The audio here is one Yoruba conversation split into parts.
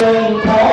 Thank you.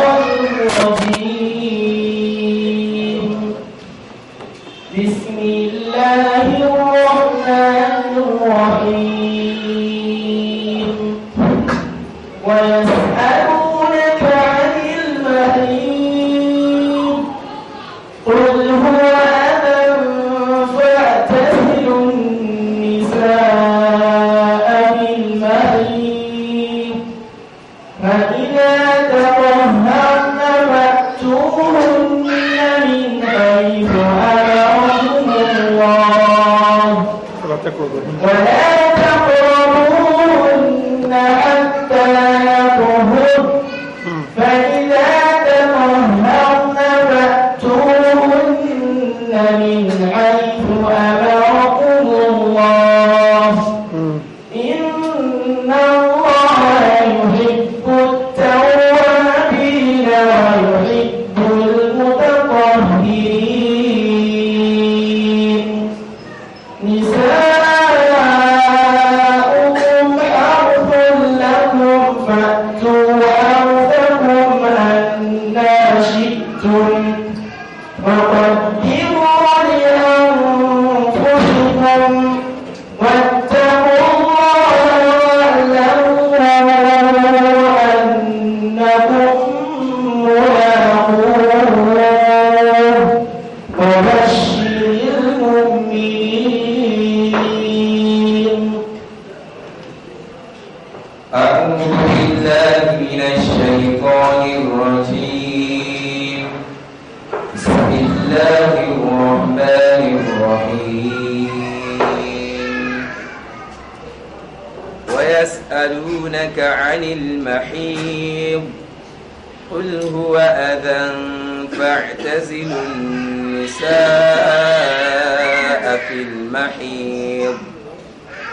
في المحيض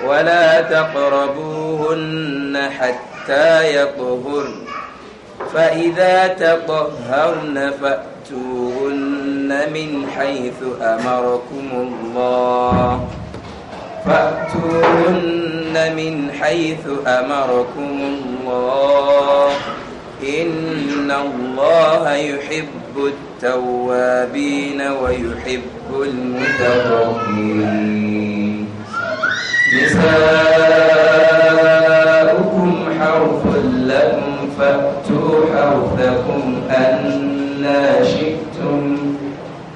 ولا تقربوهن حتى يطهر فإذا تطهرن فأتوهن من حيث أمركم الله فأتوهن من حيث أمركم الله إن الله يحب التوابين ويحب المتطهرين نساؤكم حرث لكم فأتوا حرثكم أنا شئتم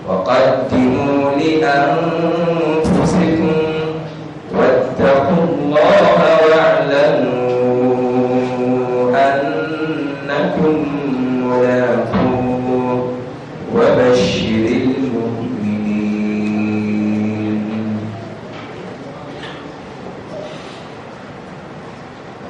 وقدموا لأنفسكم واتقوا الله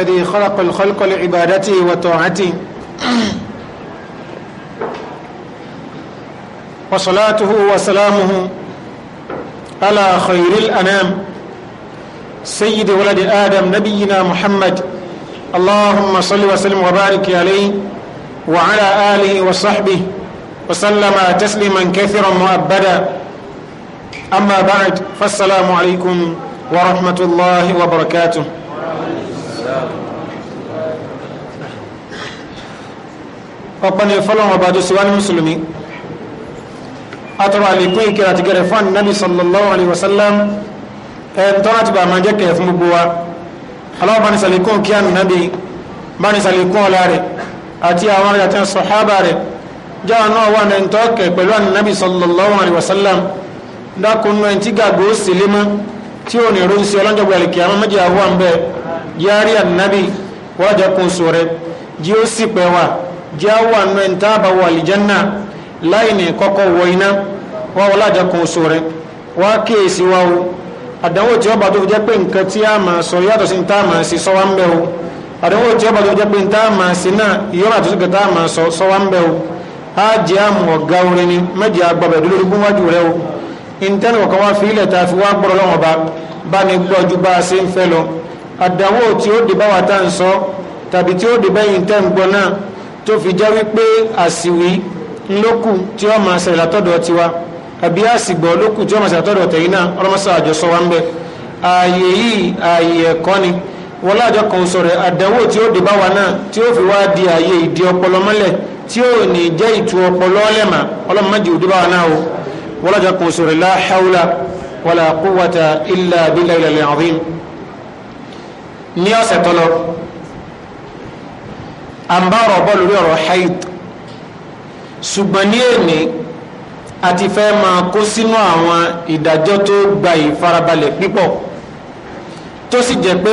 الذي خلق الخلق لعبادته وطاعته وصلاته وسلامه على خير الأنام سيد ولد آدم نبينا محمد اللهم صل وسلم وبارك عليه وعلى آله وصحبه وسلم تسليما كثيرا مؤبدا أما بعد فالسلام عليكم ورحمة الله وبركاته ọ̀pọ̀ ni fọ́lọ́wọ́n ọba tó síwá ní mùsùlùmí atọ́rọ àlékún ìkẹrẹ àti gẹrẹ fún nabi sallallahu alaihi wasallam ẹ̀ntọ́rọ ti bà máa jẹ́ kẹfún gbogbo wa aláwọ̀ bani salikun kí ànú nabi bani salikun ọlá rẹ̀ àti àwọn arìnrìn àti sọ̀hábà rẹ̀ jáwà náà wà ní ẹ̀ntọ́kẹ̀ pẹ̀lú ànú nabi sallallahu alaihi wasallam dákun gàgbó sílé tí ò ní ronú sí ọlọ́jọ́gbọ̀ àlèkè àwọn méjì àwọn bẹ́ẹ̀ jari annabi waje kun sore ji o si pe wa ji a wa nu en taba wa aljanna lai ne koko wo wa wala je kun sore wa kíyèsí wa o àdánwò tí ó bá tó fi jẹ́ pé nǹkan tí a máa sọ yàtọ̀ sí tá a máa sí sọ wá ń bẹ o àdánwò tí ó bá tó fi jẹ́ pé tá a máa sí náà ìyọ́nà tó sókè tá máa sọ sọ wá ń bẹ o á jẹ́ àmọ̀ ọ̀gá orin ni méjì agbábẹ̀ dúró dúgbò wájú rẹ o ìntẹ́nu kọ̀ọ̀kan wá fi ilẹ̀ tá fi wá gbọ́dọ̀ lọ́wọ́ bá bá ní gbọ́ ju bá a ṣe ń fẹ́ lọ àdánwò tí ó dé báwa tá à ń sọ tàbí tí ó dé bẹ́yìn tẹ́ ń gbọ́ náà tó fi jẹ́ wípé àsìwí ńlókù tí ó máa ṣẹlẹ̀ látọ̀dọ̀ tiwa àbí àsìgbọ̀ lókù tí ó máa ṣẹlẹ̀ látọ̀dọ̀ tẹ̀yìn náà ọlọ́mọṣẹ́ àjọṣọ wa ń bẹ ààyè yìí ààyè ẹ̀kọ́ ni wọn láàjọ kan sọ̀rọ̀ àdánwò tí ó dé báwa náà tí ó fi wá di ààyè ìdí ọpọlọ mọ́lẹ̀ tí ó ní jẹ́ ìtú ọpọlọ lẹ́mà ọlọ́mọdé òdí báwa náà o wọn láàjọ kan sọ̀rọ̀ la hawla wala quwwata illa billahi al ní ọ̀sẹ̀ tó lọ à ń bá ọ̀rọ̀ bọ́ lórí ọ̀rọ̀ haid ṣùgbọ́n ní èní àti fẹ́ máa kó sínú àwọn ìdájọ́ tó gba ìfarabalẹ̀ pípọ̀ tó sì jẹ́ pé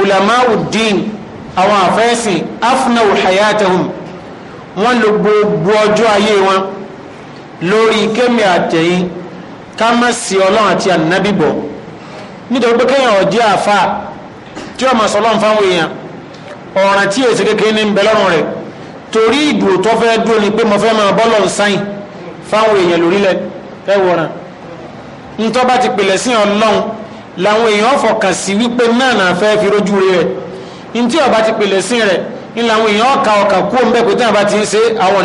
ulamauddin àwọn àfẹ́sìn afnau hayatahum wọ́n lo gbogbo ọjọ́ ayé wọn lórí kémi àtẹ̀yìn ká má sí ọlọ́run àti ànábìbọ̀ nítorí pé kéèyàn ọ̀jẹ́ àfáà tí ọmọ sọlọ́n fáwọn èèyàn ọ̀ràn tí èsì kékeré ní bẹ̀lọ́rùn rẹ̀ torí ìdúró tó fẹ́ dúró ni pé mo fẹ́ máa bọ́lọ̀ ń sáyìn fáwọn èèyàn lórílẹ̀ ẹ wọ̀ràn ntọ́ ti pèlẹ̀ sí ọlọ́run làwọn èèyàn fọkàn sí wípé náà náà ọba ti sí làwọn èèyàn ọkà ọkà kú òun bẹ́ẹ̀ pé tí wọn bá ti ń ṣe àwọn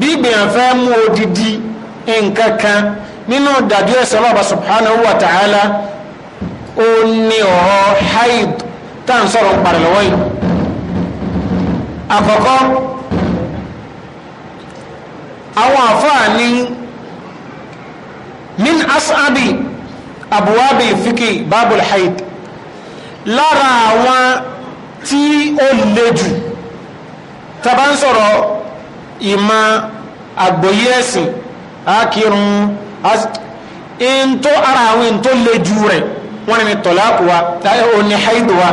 ní odidi nǹkan nínú dàbí ẹ̀sẹ̀ ọlọ́ọ̀bá subhanahu wa ta'ala ó ní ọ̀rọ̀ haid tá à ń sọ̀rọ̀ ń parẹ̀ lọ́wọ́ yìí àkọ́kọ́ àwọn àfáà ní min asabi abuwabi fiki babul haid lára àwọn tí ó le jù tàbá ń sọ̀rọ̀ ìmọ̀ àgbòyé ẹ̀sìn ntó ara àwọn ntó le jù rẹ̀ wọ́n ní tọ́láàkù wa òní haidu wa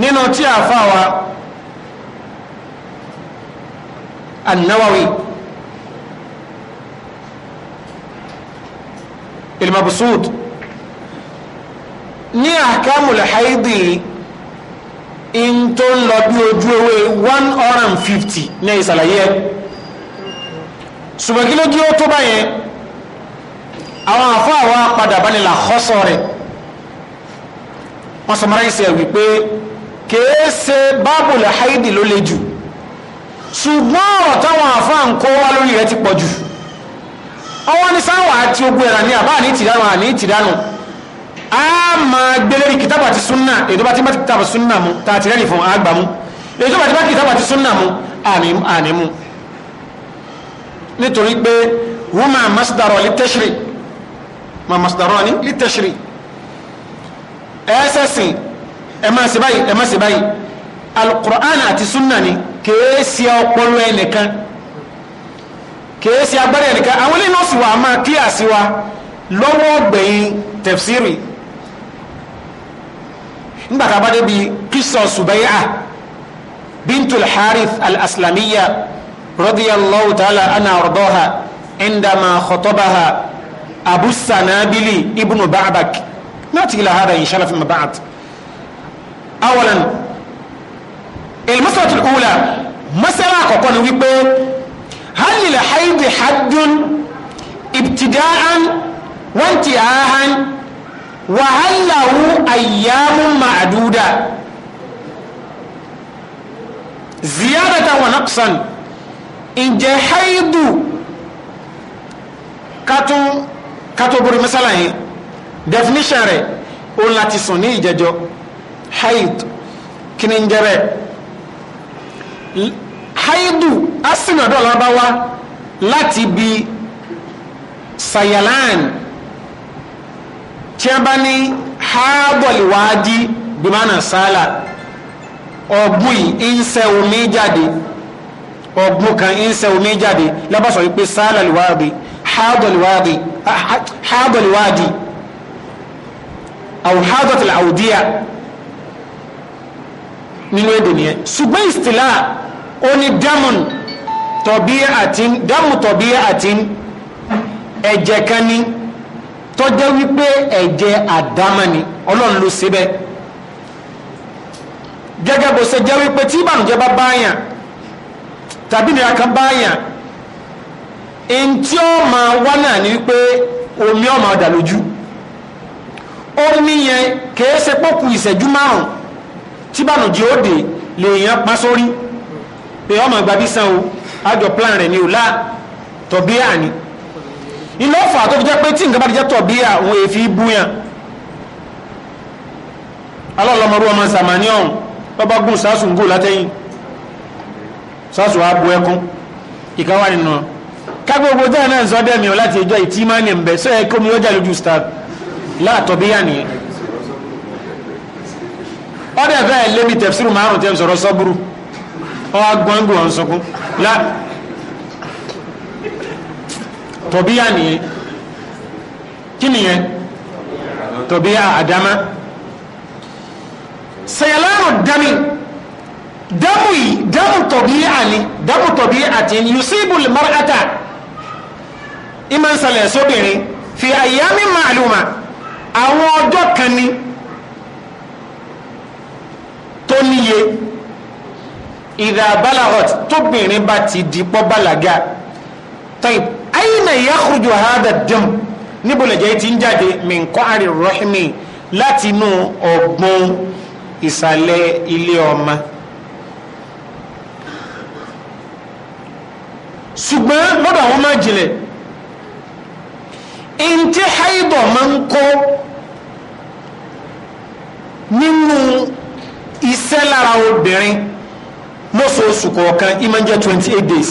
nínú tí a fà wa annawawi ilmabsud ní haidi ntó lọ bí ojú ewé one hundred and ṣùgbọ́n kí ló dí ó tó báyẹn àwọn àfọ àwọn apadà bá nílà xọ́sọ̀ rẹ̀ wọ́n sọ mọ́ráyìí sẹ́ wípé kèé bábùlẹ̀ haidi ló le jù ṣùgbọ́n ọ̀rọ̀ táwọn àfọ àǹkó wá lórí rẹ̀ ti pọ̀ jù ọwọ́ ní sáwà àti ogun ẹ̀rà ní àbá ní ìtìdánù àní ìtìdánù a máa gbélé rí kìtàbà ti súnà èdè bá ti bá kìtàbà súnà mu tààtì rẹ̀ nìfọ̀n àgbà mu èdè bá ti bá kìtàbà ti súnà mu àní mu nítorí pé huma masdarọ li tashri ma masdarọ ni li tashri ẹsẹ̀ sìn ẹ máa ṣe báyìí ẹ máa ṣe báyìí alukur'an àti sunna ni kèé sí ọpọlọ ẹnìkan kèé sí agbára ẹnìkan àwọn ilé nọ́ọ̀sì wa máa kíyàsí wa lọ́wọ́ gbẹ̀yìn tẹ̀fsírì nígbàtà bá débi kíso subai'a bintul harith al-aslamiyya رضي الله تعالى عنها وارضاها عندما خطبها أبو السنابلي ابن بعبك نأتي إلى هذا إن شاء الله فيما بعد أولا المسألة الأولى مسألة قوقون ويبو هل للحيض حد ابتداء وانتهاء وهل له أيام معدودة زيادة ونقصا ǹjẹ́ haidu kátó kátó borí mẹ́sàlá yẹn definition rẹ̀ ó láti sùn ní ìjẹjọ́ haidu kí ni ń jẹ́ bẹ́ẹ̀ haidu asinadọ́ lọ́ba wá láti bi sayalan tí a bá ní haabọ̀lìwájí bimánà sálà ọ̀gbùn yìí omi jáde ọ̀gbun kan ń sẹ omi jáde lábàṣọ wípé sáàlà lùwádìí háàdọ̀lùwádìí ah, háàdọ̀lùwádìí àwọn háàdọ̀tìlà àwùdíyà nínú èdè nìyẹn ṣùgbọ́n ìsìtìlá ó ní dámùn tọ̀bí àti dámù tọ̀bí àti ẹ̀jẹ̀ kan ní tọ́jẹ́ wípé ẹ̀jẹ̀ àdámani ọlọ́run ló ṣe bẹ́ẹ̀ gẹ́gẹ́ bó ṣe jẹ́ wípé tí ìbànújẹ́ bá báyàn tàbí nira kan báyàn ntí ọ máa wá náà ni wípé omi ọ máa dà lójú ó ní yẹn kìí ṣe pọ́kù ìṣẹ́jú márùn tí bànújẹ́ ó dé lèèyàn pa sórí pé ọmọ ìgbà bí san o àjọ plan rẹ̀ ni ò láà tọ̀bíà ni ilé ọ̀fà tó fi jẹ́ pé tí nǹkan bá ti jẹ́ tọ̀bíà òun èéfi búyàn alọ́lọ́mọrú ọmọ sàmánì ọ̀hún bàbá gùn sásùn gò látẹ́yìn sọ́ọ̀sù wa bu ẹkún ìkáwá nínú kágbogbo tẹ́lẹ̀ náà sọ dẹ́mi láti ẹjọ́ ìtí máa ní ẹ̀mbẹ́ sọ ẹkọ́ mi ọjà lójú star láàtọ̀ bí yà nìyẹn ọdẹ fẹ́ lébi tẹ̀síru márùn tẹ́ sọ̀rọ̀ sọ́búrú ọgbọ̀ngbọ̀n ọ̀sọ̀kún tọ̀bí yà nìyẹn kí nìyẹn tọ̀bí yà àdámá sẹ̀yẹ̀lẹ́rù dami dámù yìí dámù tọ̀bíyà ni dámù tọ̀bíyà àti yusibu mar'ata ìmọ̀ nsàlẹ̀ sóbìnrin fi àyàmì màlúmà àwọn ọjọ́ kan ni tó níye ìdá balagot tóbìnrin bá ti di pọ́ balaga tọ́yìn ayna yakhruju hada dam níbo lẹ̀jẹ̀ ti ń jáde min qa'ri rahimi látinú ọ̀gbun ìsàlẹ̀ ilé ọmọ. ṣùgbọ́n lọ́dọ̀ àwọn máa jìnlẹ̀ in tí haidọ̀ máa ń kọ́ nínú iṣẹ́ lára obìnrin lóṣooṣù kọ̀ọ̀kan ìmọ̀ jẹ́ twenty eight days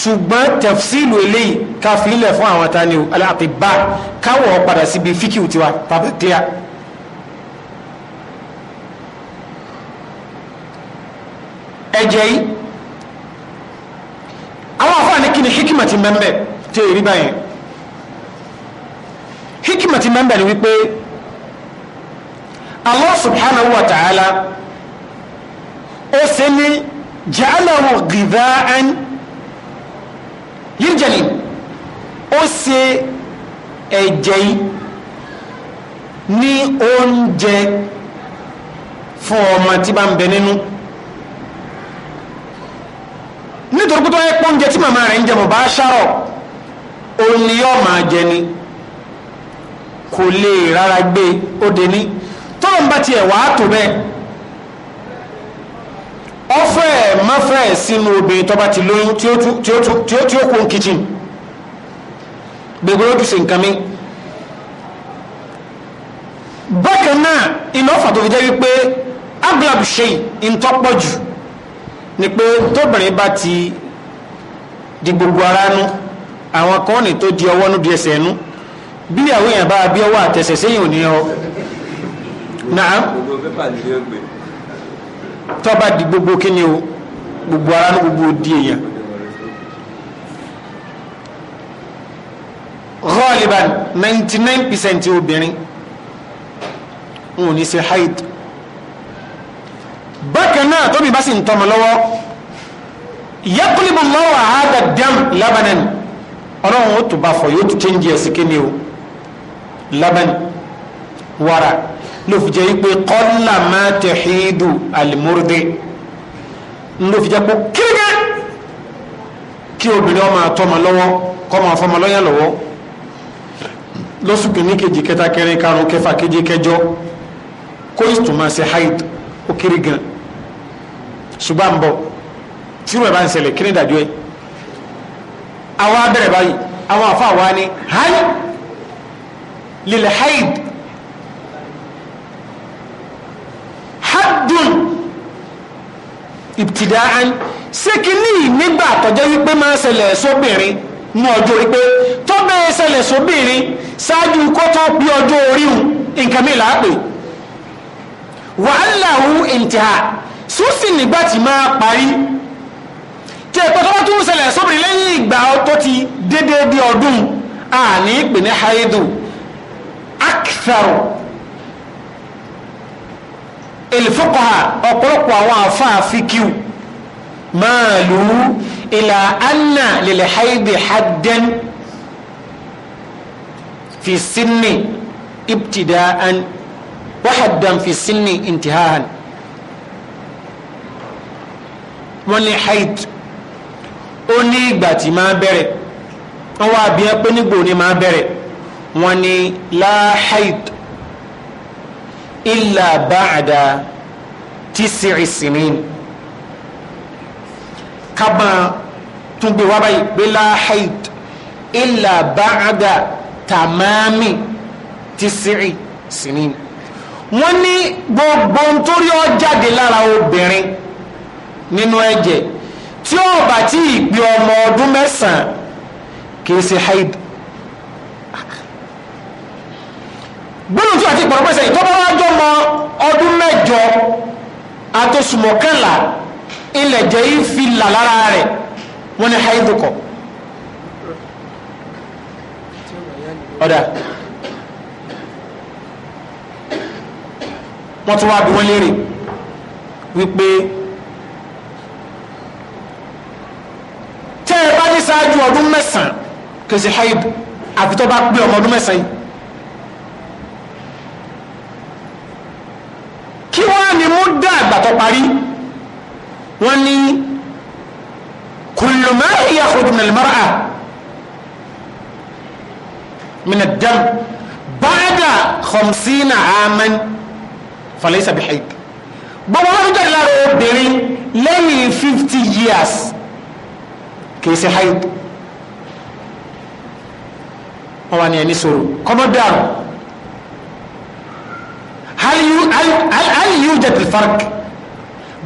ṣùgbọ́n tẹ̀fṣílù eléyìí ká fi ilẹ̀ fún àwọn tani aláàtìbá káwọ̀ padà síbi fíkìú tiwa tàbí clear ẹ̀jẹ̀ yìí àwọn afọ àní kíni hikima ti mẹ́mbẹ̀ tí èrí báyìí hikima ti mẹ́mbẹ̀ ni wípé Allah subhanahu wa ta'ala ó ṣe ní ja'alahu ghidha'an yirjali ó ṣe ẹ̀jẹ̀ yìí ní oúnjẹ fún ọmọ tí bá nítorí pé tó yẹ pọ́ oúnjẹ tí màmá rẹ̀ ń jẹ mọ̀ bá ni máa jẹ ni kò lè rárá gbé ó ní tọ́lọ̀ ń bá tiẹ̀ wàá tó bẹ́ẹ̀ ọ̀fẹ́ mọ́fẹ́ sínú obìnrin ti lóyún tí ó tí ó kún kitchen gbogbo ojúṣe nǹkan mi bákan náà iná fi jẹ́ wípé aglab jù ni pé tóbìnrin bá ti di gbogbo ara nu àwọn kan ní tó di ọwọ́ nu di ẹsẹ̀ nu bí àwọn èèyàn bá bí ọwọ́ àtẹsẹ̀ sẹ́yìn ò ní ọ náà tọ́ba di gbogbo kíni o gbogbo ara nu gbogbo di èèyàn. ghaliban ninety nine obìnrin wọn ò ní ṣe haid bákan náà tóbi bá sì ń tọmọ lọ́wọ́ yakulibu lọ́wọ́ àádọ́ dẹ́m labanan ọlọ́run ó tún bá fọ yóò tún chẹ́ńjì ẹ̀sìn kéde o laban wara ló fi jẹ́ pé kọ́lá máa tẹ̀ hídù alimúrúdé ló fi jẹ́ pé kíríkẹ́ kí obìnrin ọmọ àtọmọ lọ́wọ́ kọ́ máa fọmọ lọ́yà lọ́wọ́ lọ́sùn kìíní kejì kẹta kẹrin karùn kẹfà keje kẹjọ kó sí haid ó kéré gan-an ṣùgbọ́n bọ̀ tírú ẹ̀ bá ń ṣẹlẹ̀ kí ni ìdájọ́ ẹ̀ àwa bẹ̀rẹ̀ báyìí àwọn àfa wa ni hayi lil haid haddun ibtidaan ṣé kí ní nígbà àtọ́jọ́ wípé máa ń ṣẹlẹ̀ sóbìnrin ní ọjọ́ orí tó bẹ́ẹ̀ ṣẹlẹ̀ sóbìnrin ṣáájú kó tó pé ọjọ́ orí nǹkan mi làá wàhálà hu intiha sùsì nígbà tí máa parí tí ẹ̀pẹ́ tó bá tún ṣẹlẹ̀ sóbìnrin lẹ́yìn ìgbà tó ti dédé di ọdún àní ìpè ní haidu akitharu ilfuqaha ọ̀pọ̀lọpọ̀ àwọn àfáàfi kíw máa lù ú ìlà anna lil haidi hadden fi sinni ibtidaan wa fi sinni intihahan wọ́n ní haid ó ní ìgbà tí máa bẹ̀rẹ̀ wọ́n wá bí wọ́n pé nígbò ní máa bẹ̀rẹ̀ wọ́n ní la haid illa ba'da tis'i sinin kábà tún gbé wá báyìí pé la haid illa ba'da tamami tis'i sinin ní gbogbo nítorí ọ jáde lára obìnrin nínú ẹ̀jẹ̀ tí ó bá tí ì pé ọmọ ọdún mẹ́sàn-án kìí ṣe haid gbọ́dọ̀ tí wà tí ìpọ̀rọ̀ pẹ́sẹ̀ ìtọ́bọ̀ wá jọ mọ ọdún mẹ́jọ àtòsùmọ̀kànlá ilẹ̀ jẹ́ ìfi là lára rẹ̀ wọ́n ní haid kọ̀ ọ̀dà wọ́n tún wá bí wọ́n lérè wípé tẹ́ ẹ bá ní ṣáájú ọdún mẹ́sàn-án kèsì haid àfitọ́ bá pé ọmọ ọdún mẹ́sàn-án yìí kí wọ́n á ní mú dá àgbàtọ̀ parí wọ́n ní kullu ma yakhruju min al-mar'a min ad-dam ba'da khamsina 'aman falaysa gbogbo wọn jáde lára obìnrin lẹ́yìn fifty years kìí ṣe haid wọn wà ní ẹni sọ̀rọ̀ kọmọdàrú hal yujad alfarq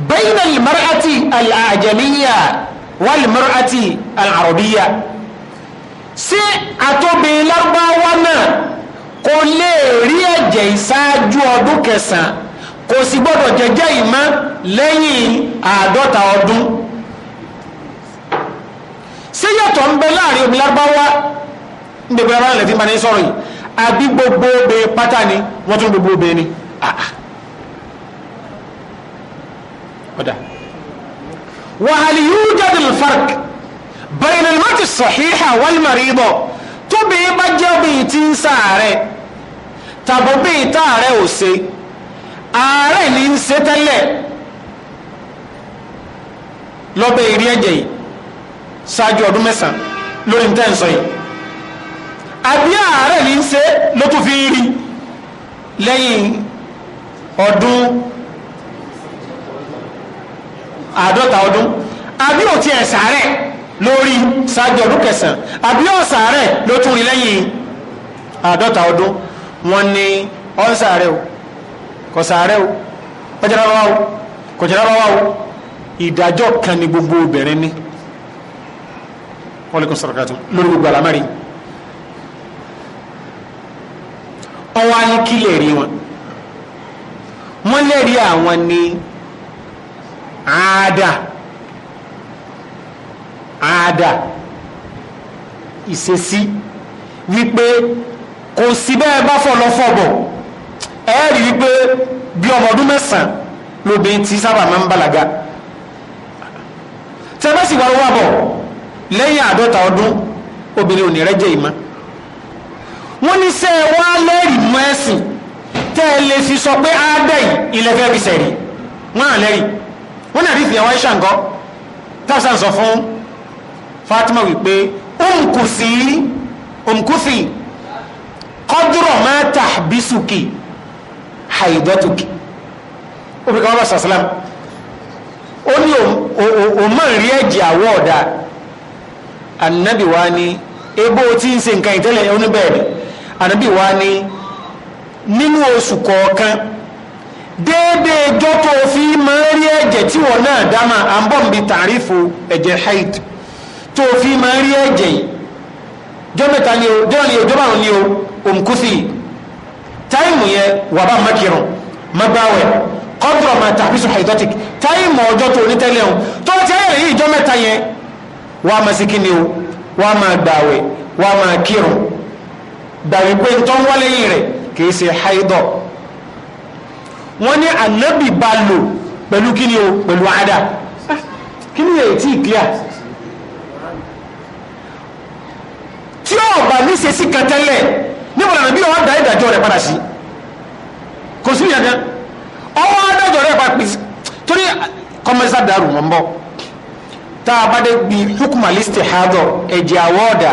bayna almar'ati alajamiyya walmar'ati alarabiyya ṣé àtọ́bìn lárúbáwá náà kò lè rí ẹ̀jẹ̀ ìṣáájú ọdún kẹsàn kò sì gbọ́dọ̀ jẹ́jẹ́ ìmọ̀ lẹ́yìn àádọ́ta ọdún ṣé yàtọ̀ ń bẹ láàrin omi lárúbáwá ń bẹ bẹ́ẹ̀ lẹ́tí máa ní sọ̀rọ̀ yìí àbí gbogbo obe pátá ni wọ́n tún gbogbo obe ni ọ̀dà wàhálì yóò jáde lè fark bẹ̀rẹ̀ lè mọ́tì sọ̀híhà wàlmàrí bọ̀ tóbi bá jẹ́ obi tí ń sáàrẹ̀ tàbí bí táàrẹ̀ ò ṣe ààrẹ ní ń ṣe tẹ́lẹ̀ lọ́bẹ̀ ìrí ẹ̀jẹ̀ yìí ṣáájú ọdún mẹ́sàn lórí ní tẹ́ǹsọ yìí àbí ààrẹ ní ń ṣe ló tún fi ń rí lẹ́yìn ọdún àádọ́ta ọdún àbí ò tiẹ̀ sàárẹ̀ lórí ṣáájú ọdún kẹsàn àbí ò sàárẹ̀ ló tún rí lẹ́yìn àádọ́ta ọdún wọn ni ọ ń sàárẹ̀ o kò sàárẹ̀ o kọjá rárá o kọjá rárá o ìdájọ́ kan ni gbogbo obìnrin ni kọ́lẹ́kọ̀ sọ̀rọ̀kàtù lórí gbogbo àlámàrí ọwọ́ á ní kí lẹ́rí wọn wọ́n lẹ́rí àwọn ní àádà àádà ìṣesí wípé kò sí bẹ́ẹ̀ bá fọ̀ lọ́fọ̀bọ̀ ẹ rí wípé bí ọmọ ọdún mẹ́sàn-án lóbi ti sábà máa ń bàlágà tẹ́ bá sì wá wá bọ̀ lẹ́yìn àádọ́ta ọdún obìnrin ò ní rẹ́jẹ̀ ìmọ̀ wọ́n ní sẹ́ ẹ wá lẹ́rìí mọ́ ẹ̀sìn tẹ́ ẹ lè fi sọ pé áádẹ́ yìí ilẹ̀ fẹ́ fi sẹ̀rí wọ́n náà lẹ́rìí wọ́n náà rí fi àwọn ẹ̀ṣà ńkọ́ tàbí sọ fún Fatima wípé omkùsì umm omkùsì umm kọ́dúrọ̀ máa tàbísùkì haidatuki obìnrin kan bá sàṣàlám ó ní òun máa ń rí ẹ̀jẹ̀ àwọ̀ ọ̀dà anabi wa ni ebo tí ń ṣe nǹkan ìtẹ́lẹ̀ oníbẹ̀rẹ̀ anabi wa ni nínú oṣù kọ̀ọ̀kan déédé ẹjọ́ tó fi máa rí ẹ̀jẹ̀ tí wọ́n náà dáma à ń bọ̀ níbi tàrífù ẹ̀jẹ̀ haid tó fi máa rí ẹ̀jẹ̀ yìí jọ́mẹ́ta ni o jọ́ ni o jọ́ ni o òǹkúsì táìmù yẹn wà bá mákìrùn magbáwẹ̀ kọ́ńtùrọ̀ máa haidotic táìmù ọjọ́ tó onítẹ̀lẹ̀ o tó ti ẹ̀yẹ̀ yìí jọ́mẹ́ta yẹn wọ́n a máa ṣe o wọ́n a máa gbààwẹ̀ wọ́n a máa kírun dàbí pé tó ń wọlé yìí rẹ̀ kìí ṣe haidọ̀ wọ́n ní ànábì bá lò pẹ̀lú kíni o pẹ̀lú àdá ah, kíni èyí tí ì clear tí ó bá ní ṣe sí kan tẹ́lẹ̀ níbo lànà bí wọ́n da ìdájọ́ rẹ̀ padà sí kò sí ìyàgán ọwọ́ adájọ́ rẹ̀ padà pèsè torí kọ́mẹ́sà dàrú mọ́ bọ́ tá a bá dé bi hukmal istihadọ ẹ̀jẹ̀ àwọ̀ọ̀dà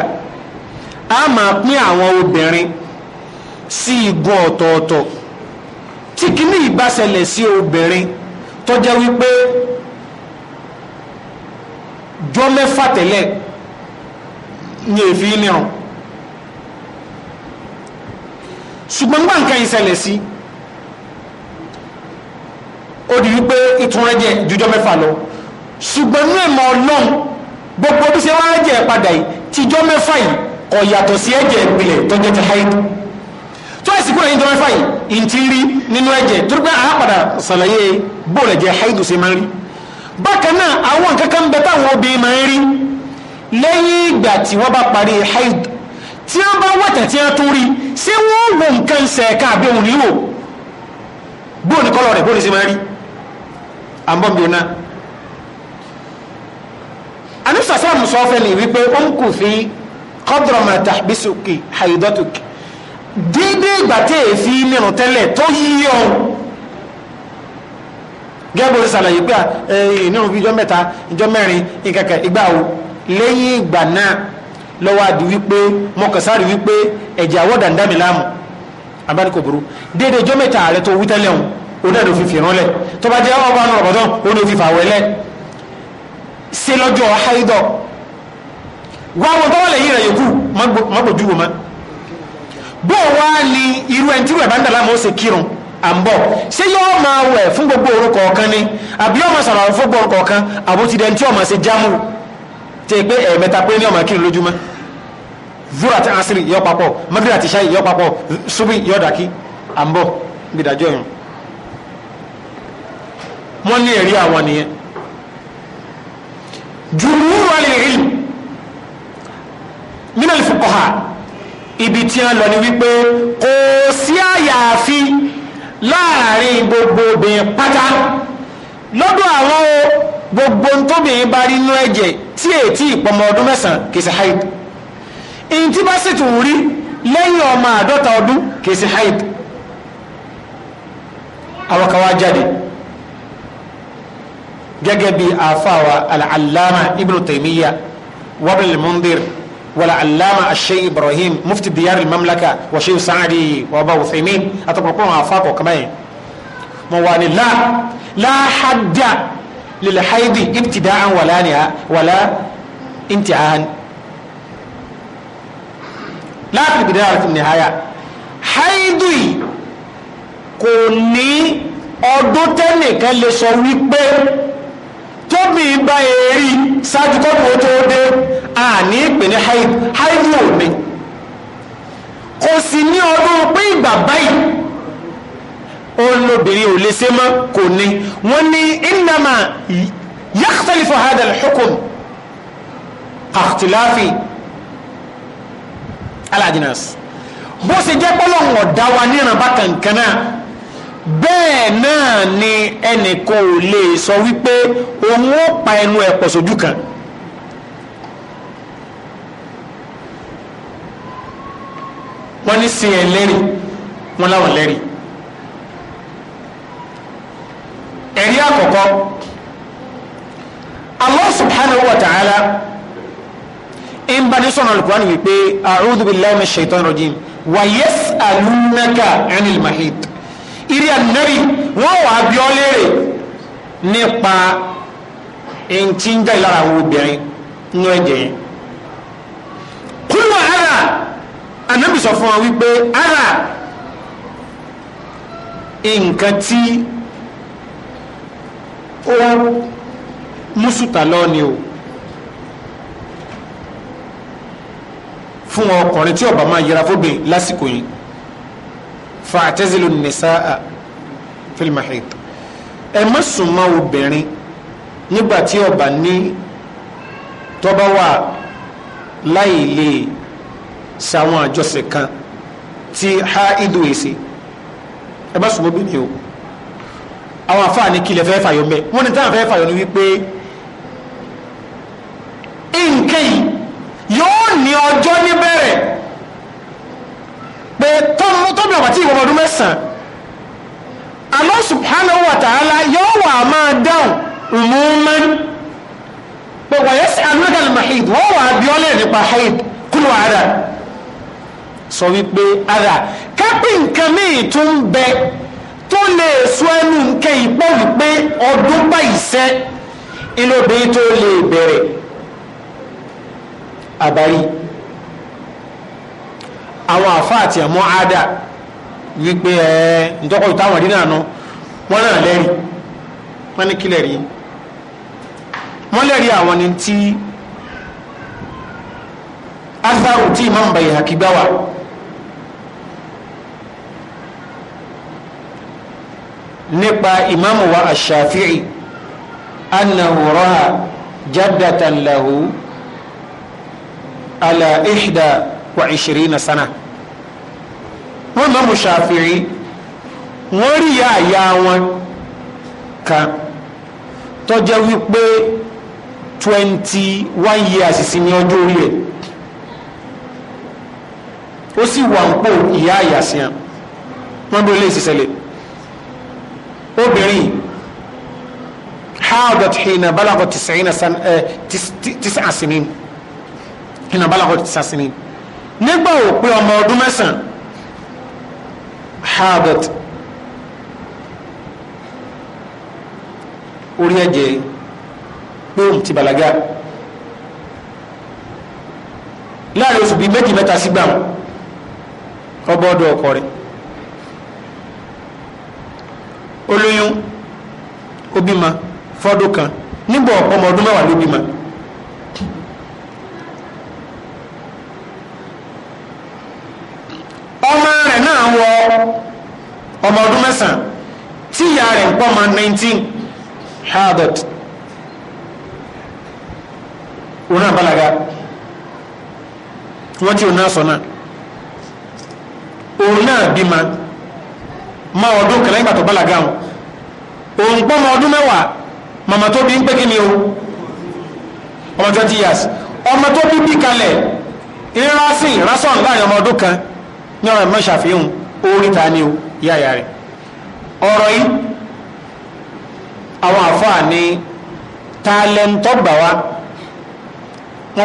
a máa pín àwọn obìnrin sí igun ọ̀tọ̀ọ̀tọ̀ tí kìíní ìbáṣẹlẹ̀ sí obìnrin tó jẹ́ wípé jọ mẹ́fà tẹ́lẹ̀ ní èfi ní ṣùgbọ́n gbà nǹkan ìṣẹ̀lẹ̀ sí ó di wípé ìtúnrẹ́jẹ jùjọ mẹ́fà lọ ṣùgbọ́n ní ìmọ̀ ọlọ́run gbogbo bí ṣe wá ẹ̀jẹ̀ padà yìí tìjọ́ mẹ́fà yìí kò yàtọ̀ sí ẹ̀jẹ̀ ìpìlẹ̀ tó jẹ́ ti haid tó ẹ̀sìn kúrò yìí tó mẹ́fà yìí ntí rí nínú ẹ̀jẹ̀ tó gbé àápàdà ṣàlàyé bóòlù ẹ̀jẹ̀ haid ṣe máa ń rí bákan náà àwọn kankan bẹ táwọn obìnrin máa ń rí lẹ́yìn ìgbà tí wọ́n bá parí haid tí wọ́n bá wọ̀tẹ̀ tí wọ́n tún rí ṣé wọ́n wọ nǹkan ṣẹ̀ka àbí òun níwò bóòlù kọ́lọ̀ rẹ̀ bóòlù ṣe máa ń rí àbọ̀m̀bì náà anisa sọ́ọ̀mù sọ fẹ́ ni wípé ó ń kù fi kọ́dọ̀rọ̀mà tàbísòkè àìdọ́tòkè dídé ìgbà tí èéfì mìíràn tẹ́lẹ̀ tó yí ọ gẹ́gbẹ́ orí sàlàyé pé nínú ìjọ mẹ́ta ìjọ mẹ́rin ìkẹ̀kẹ̀ ìgbà wo lẹ́yìn ìgbà náà lọ́wọ́ àdì wípé mọ̀kànsáàrì wípé ẹ̀jẹ̀ àwọ̀dà ń mi láàmú abánikò burú dédé ìjọ tó wí tẹ́lẹ̀ òun ó dẹ̀ ló fi fìrànlẹ̀ ọba ọ̀nà ọ̀bọ̀dán ó ní ó ṣe lọ́jọ́ haidọ̀ wáwo tọ́wọ́ lẹ́yìn rẹ̀ yòókù mọ́gbòjú wò mọ́ bó wá ní irú ẹni tí rẹ̀ bá ń dàlámọ́ ó ṣe kírun àmbọ̀ ṣé yóò máa wẹ̀ fún gbogbo orúkọ ọ̀kan ni àbí ọmọ sọ̀rọ̀ àwọn fún gbogbo ọ̀kan àbótidẹ̀ tí ọmọ ṣe jámù tẹ́ pé ẹ̀ẹ̀mẹ́ta pé ní ọmọ kírun lójúmọ́ zura àti asiri yọ papọ̀ magrid àti ṣáì yọ papọ̀ subi yọ dàkí àmbọ̀ gbìdàjọ́ yìí wọ́n ní ẹ̀rí àwọn nìyẹn jùmúrù alìrìn nínú ìfòkòhà ibi tí a lọ ní wípé kò sí àyàfi láàrin gbogbo obìnrin pátá lọ́dọ̀ àwọn gbogbo tóbìnrin bá rí inú ẹ̀jẹ̀ tí ètí ìpọmọ ọdún mẹ́sàn-án kìí haid in tí bá sì tún rí lẹ́yìn ọmọ àádọ́ta ọdún kìí haid àwọn kan wá jáde gẹ́gẹ́ bí àfàwà alàlámà ibnu taymiya wabul mundir walàlámà ashe ibrahim mufti diyar mamlaka wa sheikh saadi wa ba uthaymin àtọkọ̀kọ̀ àwọn afákọ̀ kama yẹn mo wà ní láà láà hadda lil haidi ibtida'an wala ni wala intihan láà fil bidaya wala fil nihaya haidu kò ní ọdún tẹ́nìkan lè sọ wípé tóbi gba èrí ṣáájú kọ́nù ó tó dé àní ìpè ní haid haid ò ní kò sì ní ọdún pé ìgbà báyìí òun lóbìnrin ò lè ṣe mọ́ kò ní wọ́n ní innama yakhtalifu hadha al-hukm ikhtilafi ala bó ṣe jẹ́ pọ́lọ́ ọ̀dá wa níran bákan kan náà bẹ́ẹ̀ náà ni ẹnìkan ò lè sọ wípé òun ó pa ẹnu ẹ̀ pọ̀ sójú kan. wọ́n ní sin ẹ̀ lẹ́rìí wọ́n láwọn lẹ́rìí. ẹ̀rí àkọ́kọ́ Allah subhanahu wa ta'ala in bá ní sọ̀nà alukurani wípé a'udhu billahi minash shaitani rajim wa yas'alunaka 'anil mahid ìrí ànábì wọ́n wà á bí ọ léèrè nípa ẹ̀ǹtí ń jáde lára àwọn obìnrin nínú ẹ̀jẹ̀ yẹn kúlùmọ̀ ara ànábì sọ fún wa wípé ara nǹkan tí ó mùsùtà lọ ni o fún ọkùnrin tí ọba máa yẹra fóbìn lásìkò yìí fàtẹ́sílù nìsáà fílmahid ẹ má súnmọ́ obìnrin nígbà tí ọba ní tọ́ba wà láì lè ṣàwọn àjọṣe kan tí ha idu èsì ẹ má súnmọ́ obìnrin o àwọn afáàní kìlẹ̀ fẹ́ fàyọ̀ mẹ́ wọ́n ní táwọn fẹ́ fàyọ̀ ni wípé. nípa haid kúlù ara sọ wípé ara kápẹ́ nǹkan míì tó ń bẹ tó lè sọ ẹnu nǹkan ìpọ́ wípé ọdún ilóbìnrin tó lè bẹ̀rẹ̀ àwọn àfáà àti àmọ́ ada wípé ǹtọ́kọ̀ wọ́n náà lẹ́rìí wọ́n ní kílẹ̀ azaru tí imam Bayhaqi gbá wa nípa imam wa ash-Shafi'i annahu ra'a jaddatan lahu ala ihda wa ishirina sana wọ́n imam Shafi'i wọ́n rí ya àyà wọn kan tọ́jẹ́ wípé twenty one years sí ní ọjọ́ orí ẹ̀ ó sì wà ń pò ìyá àyàsíàn wọ́n bí ó lè ṣiṣẹ́lẹ̀ obìnrin haadat hina balago tis'a sinin hina balago tis'a sinin nígbà òpin ọmọ ọdún mẹ́sàn-án haadat orí ẹ̀jẹ̀ pé òun ti bàlágà láàrin oṣù bíi méjì mẹ́ta sígbà wọn. ọgbọ́dọ̀ ọkọ rẹ̀ olóyún ó fọdụ kan nígbà ọmọ ọdún mẹ́wàá ló bímọ ọmọ rẹ̀ náà wọ ọmọ ọdún tí ìyá rẹ̀ ń pọ̀ 19 harvard òun náà balaga wọ́n tí òun náà sọ náà òun náà bímọ ma ọdún kẹlẹ́ ìgbà tó bálaga wọn òun pọ́ ọdún mẹ́wàá màmá tó ni o ọmọ twenty years ọmọ tó bí bí kalẹ̀ ìrásìn rásán ọmọ ọdún kan ní ẹ̀mọ́ ni o ya rẹ̀ ọ̀rọ̀ yìí àwọn àfáà ni talentọ́gbàwá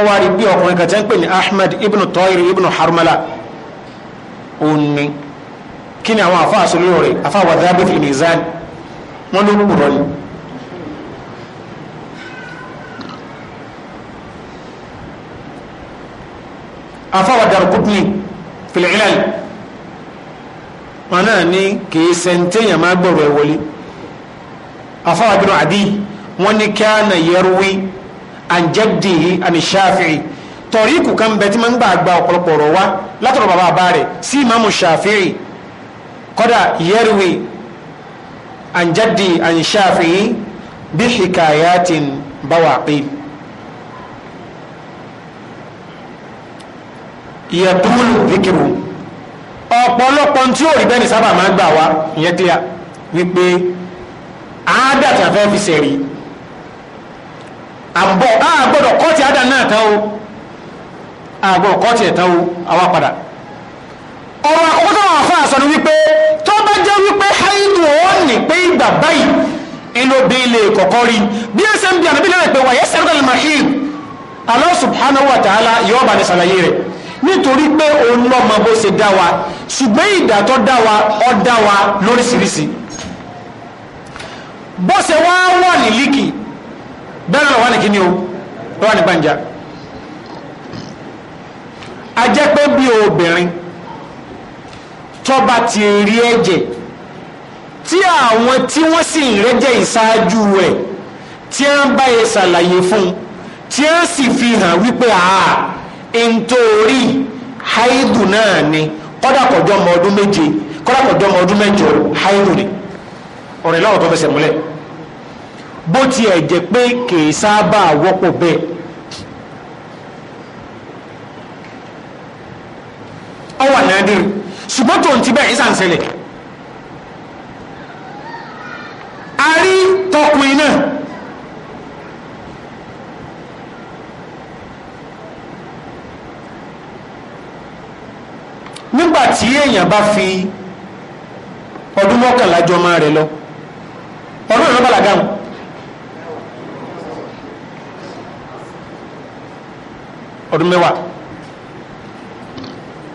wá rí Ahmed ibn ibn Harmala ó ní kí ni àwọn àfa àsolóró rẹ̀ àfa àwàdà abẹ́fẹ́ ìmìzán wọ́n ló kúrọ̀ ni. àfa àwàdà rukutni fìlìlẹ́lì wọn náà ní kìí sẹ́ńtẹ́yìn àmà gbọ̀rọ̀ ẹ̀ wọlé àfa àdí wọn ní kí á nà yẹrù wí àǹjẹ́dìí àni tọ̀ríkù kan bẹ tí ma ń gbà gba ọ̀pọ̀lọpọ̀ ọ̀rọ̀ wá látọ̀rọ̀ bàbá bá rẹ̀ sí imamu shafi'i kọ́dà yẹ́rìwì àǹjáde àǹṣàfi'i bí hikayatin bawaqi yẹ̀túlù díkìrù ọ̀pọ̀lọpọ̀ tí ó rí bẹ́ẹ̀ ni sábà máa gbà wá ìyẹn clear wípé àádàtà fẹ́ fi sẹ̀rí àbọ̀ àgbọ̀dọ̀ kọ́ ti àdà náà tán o àgbọ̀ kọ́ọ̀tì ẹ̀tàn o àwa padà ọ̀rọ̀ àkọ́kọ́ tó wà fún àṣọ ni wípé tó bá jẹ́ wípé haidu ó ní pé ìgbà báyìí ìlò bí ilé kọ̀kọ́ rí bí ẹsẹ̀ ń bí àná bí lẹ́rẹ̀ pé wà yẹ́ sẹ́rẹ́ lè máa hí Allah subhanahu wa ta'ala yóò bá ní sàlàyé rẹ̀ nítorí pé òun lọ́mọ bó ṣe dá wa ṣùgbọ́n ìdá tó dá wa ó dá wa lóríṣiríṣi bó ṣe wá wà ní líkì bẹ́ẹ̀ lọ́wọ́ ní kíni o lọ́wọ́ ní gbàǹjà a jẹ́ pé bí obìnrin tọ́ba ti rí ẹ̀jẹ̀ tí àwọn tí wọ́n sì ń rẹ́jẹ̀ ìṣáájú rẹ̀ tí wọ́n bá yẹ ṣàlàyé fún tí wọ́n sì fi hàn wípé àá nítorí haidu náà ni kọ́dà kọjọ́ ọmọ ọdún méje kọ́dà kọjọ́ ọmọ ọdún mẹ́jọ haidu ni ọ̀rẹ́ láwọn tó fẹsẹ̀ múlẹ̀ bó tiẹ̀ jẹ́ pé kì í sábà wọ́pọ̀ bẹ́ẹ̀ ọwà wà ṣùgbọ́n tó ń ti bẹ́ ìsà ń a rí tọkùnrin náà nígbàtí tí èèyàn bá fi ọdún mọ́kànlá jọ máa rẹ̀ lọ ọdún ìrọ́bàlá gáhùn ọdún mẹ́wàá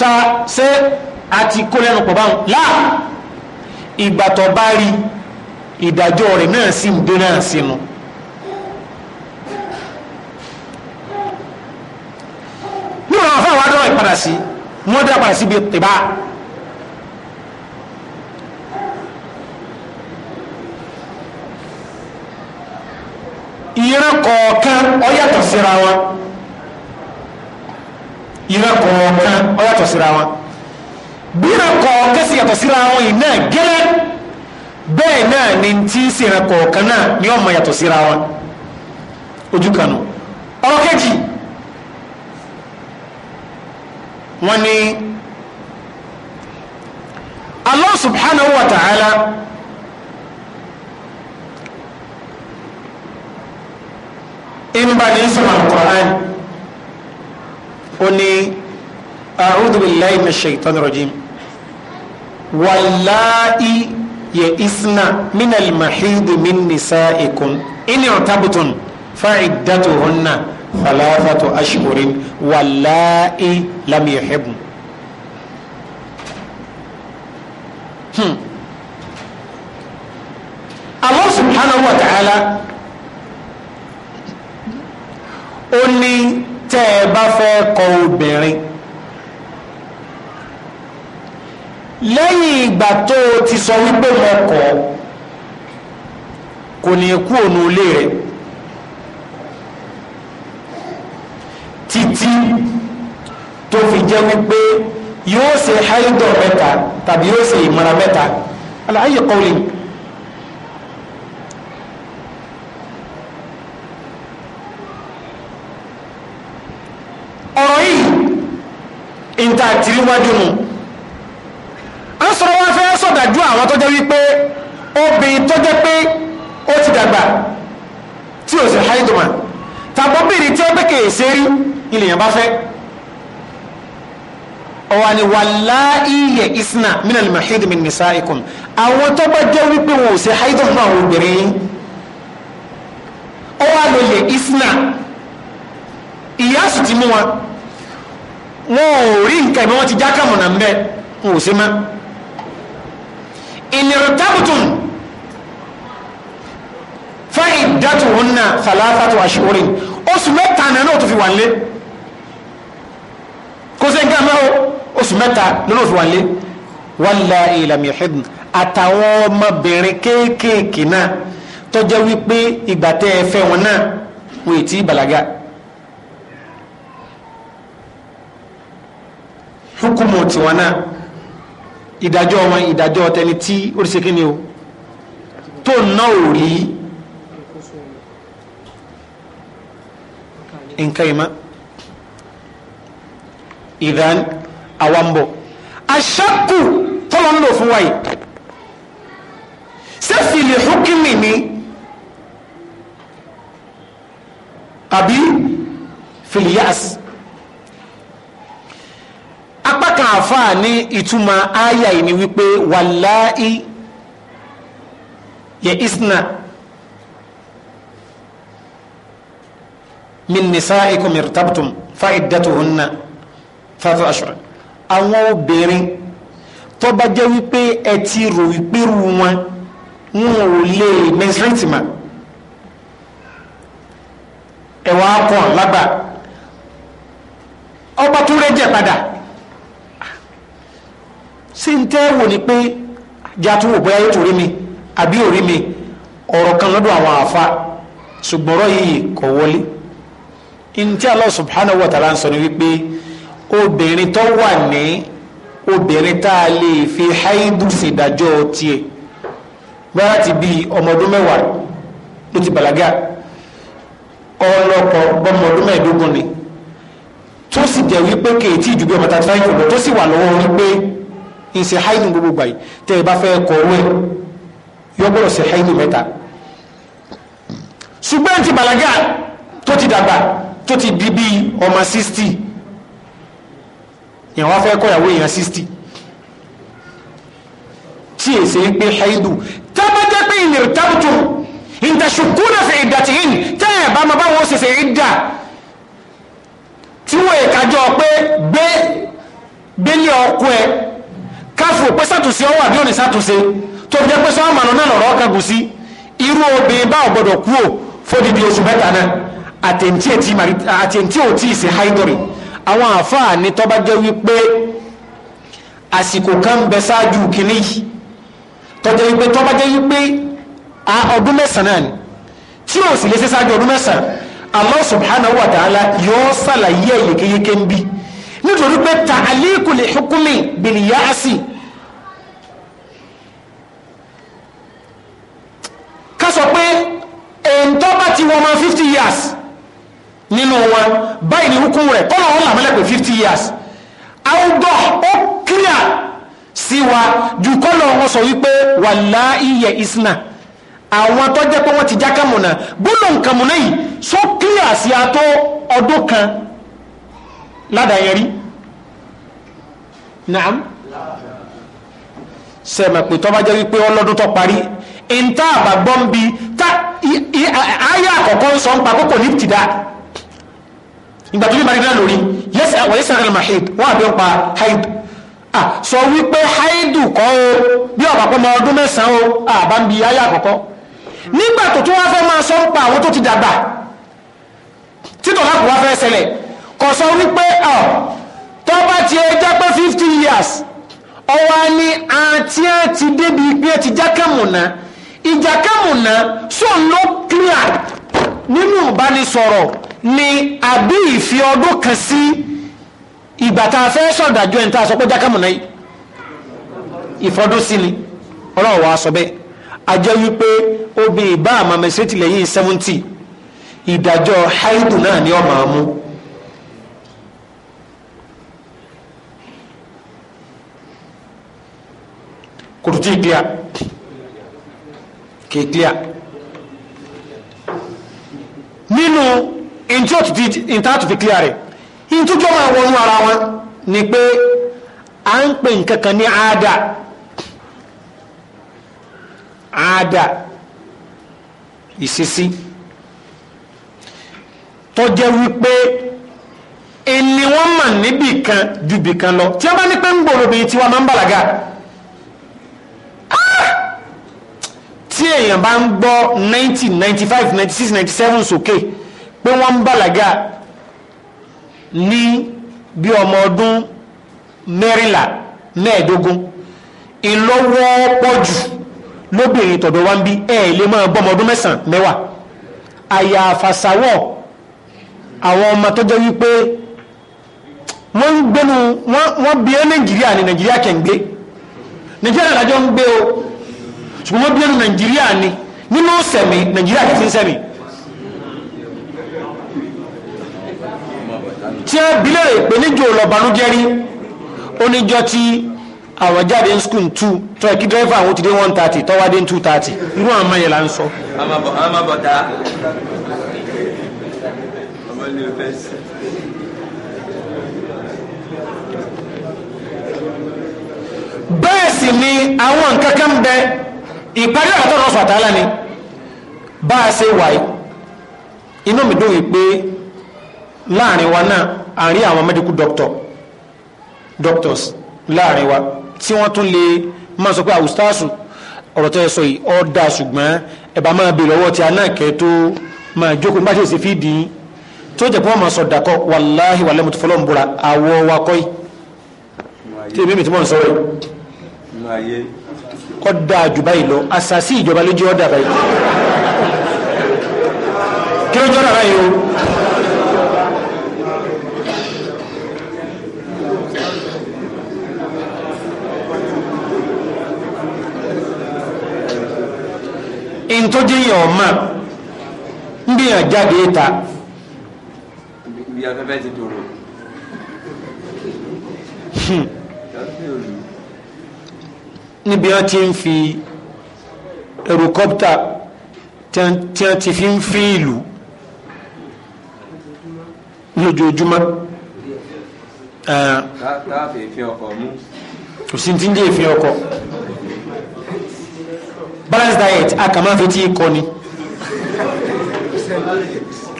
sa ṣé àti kó lẹ́nu pọ̀ báwọn láà ìgbà tó bá rí ìdájọ́ rẹ̀ náà sì ń dé náà sínú. nínú àwọn afáwọn adọ́rọ̀ ìpadà sí wọ́n dá padà síbi tìbá. ìran kọ̀ọ̀kan síra wọn. ìran kọ̀ọ̀kan ó yàtọ̀ síra wọn bí ìran kọ̀ọ̀kan sì yàtọ̀ síra wọn yìí na gẹ́lẹ́ bẹ́ẹ̀ náà ni tí ń sìnrìn kọ̀ọ̀kan náà ni ọmọ yàtọ̀ síra wọn ojú kanu ọ̀rọ̀ kejì subhanahu wa ta'ala in ba ni sọ̀rọ̀ ó ní a'udhu billahi minash shaitanir rajim wàláì yẹ isna minal mahidi min nisaikum in irtabtum fa'iddatuhunna thalathatu ashhurin wàláì lam yuhibbu. Hmm. Allah subhanahu wa ta'ala ó ní tẹ́ ẹ bá fẹ́ kọ obìnrin lẹ́yìn ìgbà tó o ti sọ wípé mo kọ̀ kò ní kú ònú ilé rẹ̀ títí tó fi jẹ́ wípé yóò ṣe haidọ̀ mẹ́ta tàbí yóò ṣe ìmọ̀ràn mẹ́ta aláyẹ̀kọ́ lè. ọ̀rọ̀ yìí ìta àtìríwájú mu a sọ̀rọ̀ wá fẹ́ sọ̀dájú àwọn tọ́jọ́ wípé obìnrin tọ́jọ́ pé ó ti dàgbà tí ò sì háìdùmá tàbọ́bìnrin tí ó pé kèé ṣe rí ilẹ̀yàn bá fẹ́ ọ̀wà ni wàláì yẹ isna minal mahid min nisaikum àwọn tó bá jẹ́ wípé wọn ò ṣe háìdùmá àwọn obìnrin ó wà lólè isna ìyá sì ti mú wọn wọn ò rí nǹkan ìbí wọn ti já kàmùnà mbẹ n ò sí mọ ìnìrìtàbùtùn fún ìdátù òun náà fàlàfàtò àṣìwòrì oṣù mẹ́ta náà náà tó fi wà nílé kó sẹ́ nǹkan mẹ́wọ́ oṣù mẹ́ta náà tó fi wà nílé wàlá ìlàmì ìhìdùn àtàwọn ọmọbìnrin kéékèèké náà tó wípé ìgbà tẹ́ ẹ fẹ́ wọn náà wọ́n ti bàlágà. hukumu tiwọn náà ìdájọ́ wọn ìdájọ́ tẹni tí ó ti ṣe kí ni o tó ná ò rí nǹkan ìmọ̀ ìdán àwọnbọ̀ aṣáku tọ́lọ́ ń lò fún wa yìí sẹ́fìlì hukumi ni àbí fìlíyàsì apá kan àfáà ní ìtumọ̀ àyà yìí ni wípé wàláì yẹ isna min nisaikum irtabtum fa iddatuhunna fàtó àṣùrà àwọn obìnrin tó bá jẹ́ wípé ẹ ti rò wípé rú wọn ò lè menstruate mà ẹ̀wọ̀n lágbà ọba tó rẹ̀ jẹ́ padà sí ń tẹ́ wò ni pé jàtú wò bóyá yóò tó rí mi àbí ò mi ọ̀rọ̀ kan lọ́dọ̀ àwọn àfa ṣùgbọ́n yìí kò wọlé ntí Allah subhanahu wa ta'ala ń sọ ni wípé obìnrin tó wà ní obìnrin tá a lè fi haidu ṣèdájọ́ tiẹ̀ gbára ti bí ọmọ ọdún mẹ́wàá ló ti bàlágà ọlọ́pọ̀ bọ́mọ ọdún mẹ́ẹ̀ẹ́dógún ni tó sì jẹ́ wípé kéètì ìdúgbò ọmọ tàbí fáyọ̀ tó sì wà lọ́wọ́ wípé ìṣe haidu gbogbo gbà yìí tẹ́ ẹ bá fẹ́ kọ̀ọ̀rọ̀ ẹ̀ yọ gbọ́dọ̀ ṣe haidu mẹ́ta ṣùgbọ́n ti bàlágà tó ti dàgbà tó ti di bíi ọmọ sixty èèyàn wá fẹ́ kọ́yàwó èèyàn sixty tí èsè ń pé haidu tábàjẹ́ pé ìlè tábùtù ìtàṣùkúnà fi ìdàtìhìn tẹ́ ẹ̀ bá máa bá wọn ṣẹ̀ṣẹ̀ ìdà tí wọ́n èkájọ́ pé gbé gbélé ọkọ ẹ̀ káfù pé sàtúnṣe ọwọ́ àbí òní sàtúnṣe tó jẹ́ pé sọ́wọ́n mànà náà lọ́rọ́ kan kù sí irú obìnrin bá ọ̀gbọ́dọ̀ kú ò fódìdí oṣù mẹ́ta náà àtẹ̀ntí ò haidori àwọn àfáà ni tọ́ba jẹ́ wípé àsìkò kan bẹ ṣáájú kìíní yìí tọ́jẹ́ wípé tọ́ba jẹ́ wípé ọdún mẹ́sàn-án náà tí ò sì lè ṣe ṣáájú ọdún mẹ́sàn Allah subhanahu wa ta'ala nítorí pé tààlíkù lè hukumi bìnìyà ásì ká sọ pé èntọ́ bá ti wọ́n mọ́ 50 years nínú wọn báyìí ni hukumu rẹ̀ kọ́nà wọn làmọ́lẹ̀ pé 50 years àwùjọ ó kíríà sí wa jù kọ́nà wọn sọ wípé wàláì yẹ isna àwọn tó jẹ́ pé wọ́n ti jákàmùnà gbọ́nà nǹkan mùnà yìí só kíríà sí ató ọdún kan lada yẹn rí naam sẹ̀mẹ̀ pé tọ́ bá jẹ́ wípé ọlọ́dún tó parí ìntà àbàgbọ́n bi tá ayé àkọ́kọ́ ń sọ ń pa kókò ní tìdá ìgbà tó ní marí náà lórí yẹsẹ̀ àwọn uh, yẹsẹ̀ mahid àbí haid ah sọ wípé haidu kọ́ o bí ọ̀pá mọ ọdún mẹ́sàn-án o àbá ń bi ayé àkọ́kọ́ nígbà tó tún wá fẹ́ máa sọ ń pa àwọn tó ti dàgbà títọ̀ lápò wá fẹ́ kò sọ wípé ọ̀ tó bá ti jẹ́ pé fifty years ọwọ́ ni àti àti débi pé ti jákèmùnà ìjákèmùnà sóun ló clear nínú ìbánisọ̀rọ̀ ni àbí ìfi ọdún kan sí ìgbà tá a fẹ́ sọ̀dájú ẹni tá a sọ pé jákèmùnà yìí ìfọdún sí ni ọlọ́run wa sọ bẹ́ẹ̀ a jẹ́ wípé obìnrin bá àmàmẹ́sẹ̀tìlẹ̀ yìí seventy ìdájọ́ haidu náà ni ọ̀ máa mú. kuruti clear kì í clear nínú ntí ó ti ntá tó fi clear rẹ̀ ntújọ́ máa wọnú ara wọn ni pé à ń pè nǹkan kan ní àádá àádá ìṣesí tó wípé ẹni wọ́n mà níbì kan ju bì kan lọ tí wọ́n bá ní pé ń gbòòrò bìí tí wọ́n máa ń bàlágà. tí èèyàn bá ń gbọ́ 90 95 96 97 sókè pé wọ́n ń bàlágà ní bí ọmọ ọdún mẹ́rìnlá mẹ́ẹ̀ẹ́dógún ìlọ́wọ́ pọ̀ jù lóbìnrin tọ̀dọ̀ wá ń bí ẹ̀ lè máa bọ́ ọmọ ọdún mẹ́sàn-án mẹ́wàá àyà àfàsàwọ̀ àwọn ọmọ tó jẹ́ wípé wọ́n ń gbénu wọ́n bí ẹ́ nàìjíríà ní nàìjíríà kẹ̀ ń gbé nàìjíríà nàìjíríà ń gbé o ṣùgbọ́n wọ́n bí ẹnu nàìjíríà ni nínú sẹ̀mí nàìjíríà ti ń sẹ̀mí tí a bílẹ̀ èpè níjò lọ́bànújẹ́ rí oníjọ́ tí àwọn jáde ń skùn tú tọ́ ẹ̀kí dírẹ́fà àwọn ti dé one thirty tọ́wá dé two thirty irú àwọn ọmọ yẹn là ń sọ. bẹ́ẹ̀ sì ni àwọn nǹkan kan bẹ́ẹ̀ ìparí àtọ́ náà fàtàlá ni bá a ṣe wáyé inú mi dùn wípé láàrin wa náà àárín àwọn medical doctor doctors láàrin wa tí wọ́n tún lè máa sọ pé àwùstáàsù ọ̀rọ̀ tẹ́ sọ yìí ọ́ da ṣùgbọ́n ẹ bá máa bèèrè ọwọ́ tí a náà kẹ́ tó máa jókòó nígbà tí èsì fi dì í tó jẹ́ pé wọ́n máa sọ dàkọ́ wàláhì wàlẹ́ mo ti fọlọ́ ń àwọ̀ wa yìí tí èmi mi ti mọ̀ ń sọ rẹ̀ ọ̀dà àjùbá ìlọ àsàsí ìjọba ló jẹ́ ọ̀dà báyìí kí ló jẹ́ ọ̀dà báyìí o. ntọ́jú yẹn ọ̀ma ń gbìyànjú jáde ta. ibi afẹ́fẹ́ ti dòrò. Hmm níbi wọn ti ń fi ẹrùkọ́pítà tí wọn ti fi ń fi ìlú lójoojúmọ́ kò sí ti ń jẹ́ ìfin ọkọ̀ balanced diet a kà máa fi tí kọ́ ni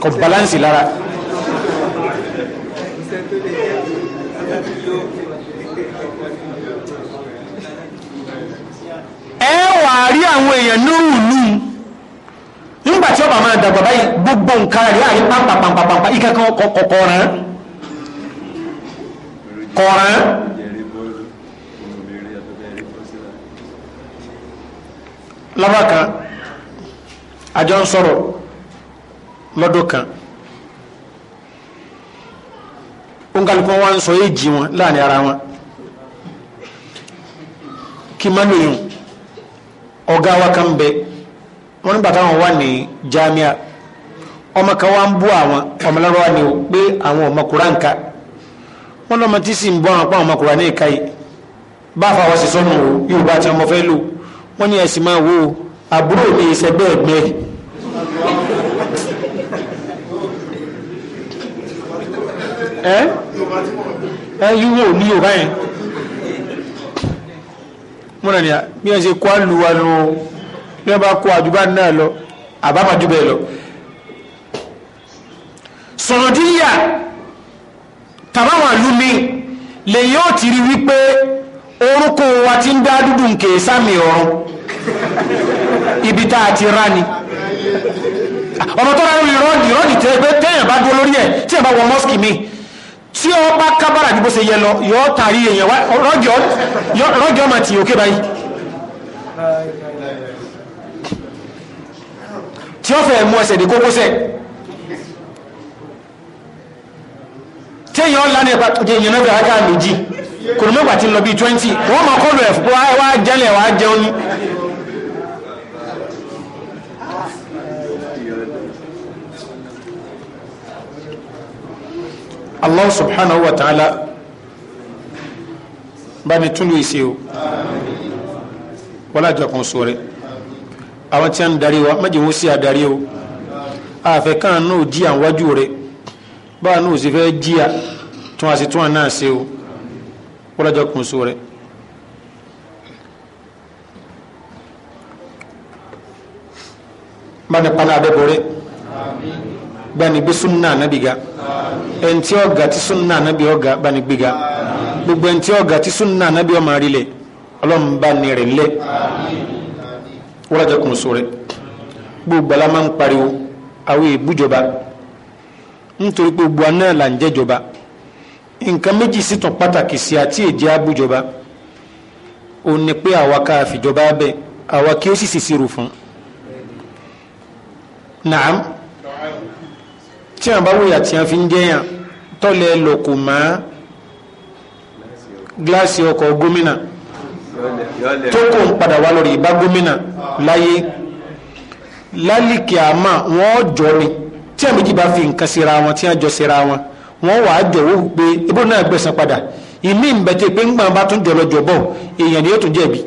kò balance lára. àárí àwọn èèyàn nírùlú nígbà tí ọba máa dàgbà báyìí gbogbo nǹkan rí àárín pàmpàpàmpàpà ìkẹ́kọ̀ọ́ kọ̀ọ̀rán kọ̀ọ̀rán lọ́wọ́ kan àjọ ń sọ̀rọ̀ lọ́dún kan onkalikun wa ń sọ èjì wọn láàrin ara wọn kí má ọ̀gá wa kan bẹ wọ́n nígbà táwọn jamia ọmọ kan wá ń bú àwọn ọmọ lọ́rọ́ wa ni o pé àwọn ọmọ kura nǹka wọ́n lọ́mọ tí sì ń bọ́ àwọn ọmọ kura ní ìka yìí bá fa àwọn sísọ́nù o yorùbá àti ọmọ fẹ́ lò wọ́n ní ẹ̀sìn múnà ní à bí wọ́n ṣe kó àlù wa nù ó bí wọ́n bá kó àdúgbò náà lọ àbámadú bẹ́ẹ̀ lọ. sọ̀rọ̀díyà tàbáwọn àlú mi lèyìn ó ti rí wípé orúkọ wa ti ń dá dúdú nkè sámi ọ̀run ibi tá a ti rá ni ọmọ tó rárá rí rọ́ọ̀dì rọ́ọ̀dì tẹ́ pé téèyàn bá dúró lórí ẹ̀ tí bá wọ mọ́sìkì mi tí ó bá kábàrà bí bó ṣe yẹ lọ yọ tàrí èèyàn wá rọ́jọ́ ma ti òkè báyìí tí ó fẹ́ mú ẹsẹ̀ dé kókósẹ̀ tí èèyàn lánà ẹ̀pà tó jẹ́ èèyàn náà fẹ́ra káà méjì kò ní mọ́gbà tí ń lọ bí 20 wọ́n mọ̀ kọ́lù ẹ̀fọ́ wá jẹ́lẹ̀ wá jẹun allah subhanahu wa ta'ala bani tulu ise o wala jọ kan sore àwọn tí a ń darí wa má jẹ́ wọ́n sí adarí o àfẹ́ kan náà jí à ń wájú rẹ̀ báwa náà sì fẹ́ jí à tún àti o wala jọ kan bani kpana abẹ́ borí. Amin bani gbé sunna anabi ga ẹnití ọ̀gá tí sunna anabi ọ̀gá bani gbé ga gbogbo ẹnití ọ̀gá tí sunna anabi ọmọ àrílẹ̀ ọlọ́run bá ní rẹ̀ ńlẹ̀ wọ́n lọ́jọ́ kùn sóore gbogbo ala máa ń pariwo àwọn èbújọba nítorí pé gbogbo aná là ń jẹ́jọba nǹkan méjì sì tún pàtàkì sí àti èjì abújọba ó ní pé àwa ká fìjọba bẹ àwa kí ó sì sì sírò fún. naam tí a bá tí a fi ń jẹyàn tọ́lẹ̀ lòkù mọ́ gíláàsì gómìnà tó kò ń padà wá lórí ìbá gómìnà láyé lálìkì àmà wọn jọ ni tí a méjì bá fi nǹkan wọn tí a jọ wọn wàá pé ebó náà padà ìmí ìbẹ̀tẹ̀ pé ńgbà bá tún jọlọ èèyàn ni yóò tún jẹ̀bi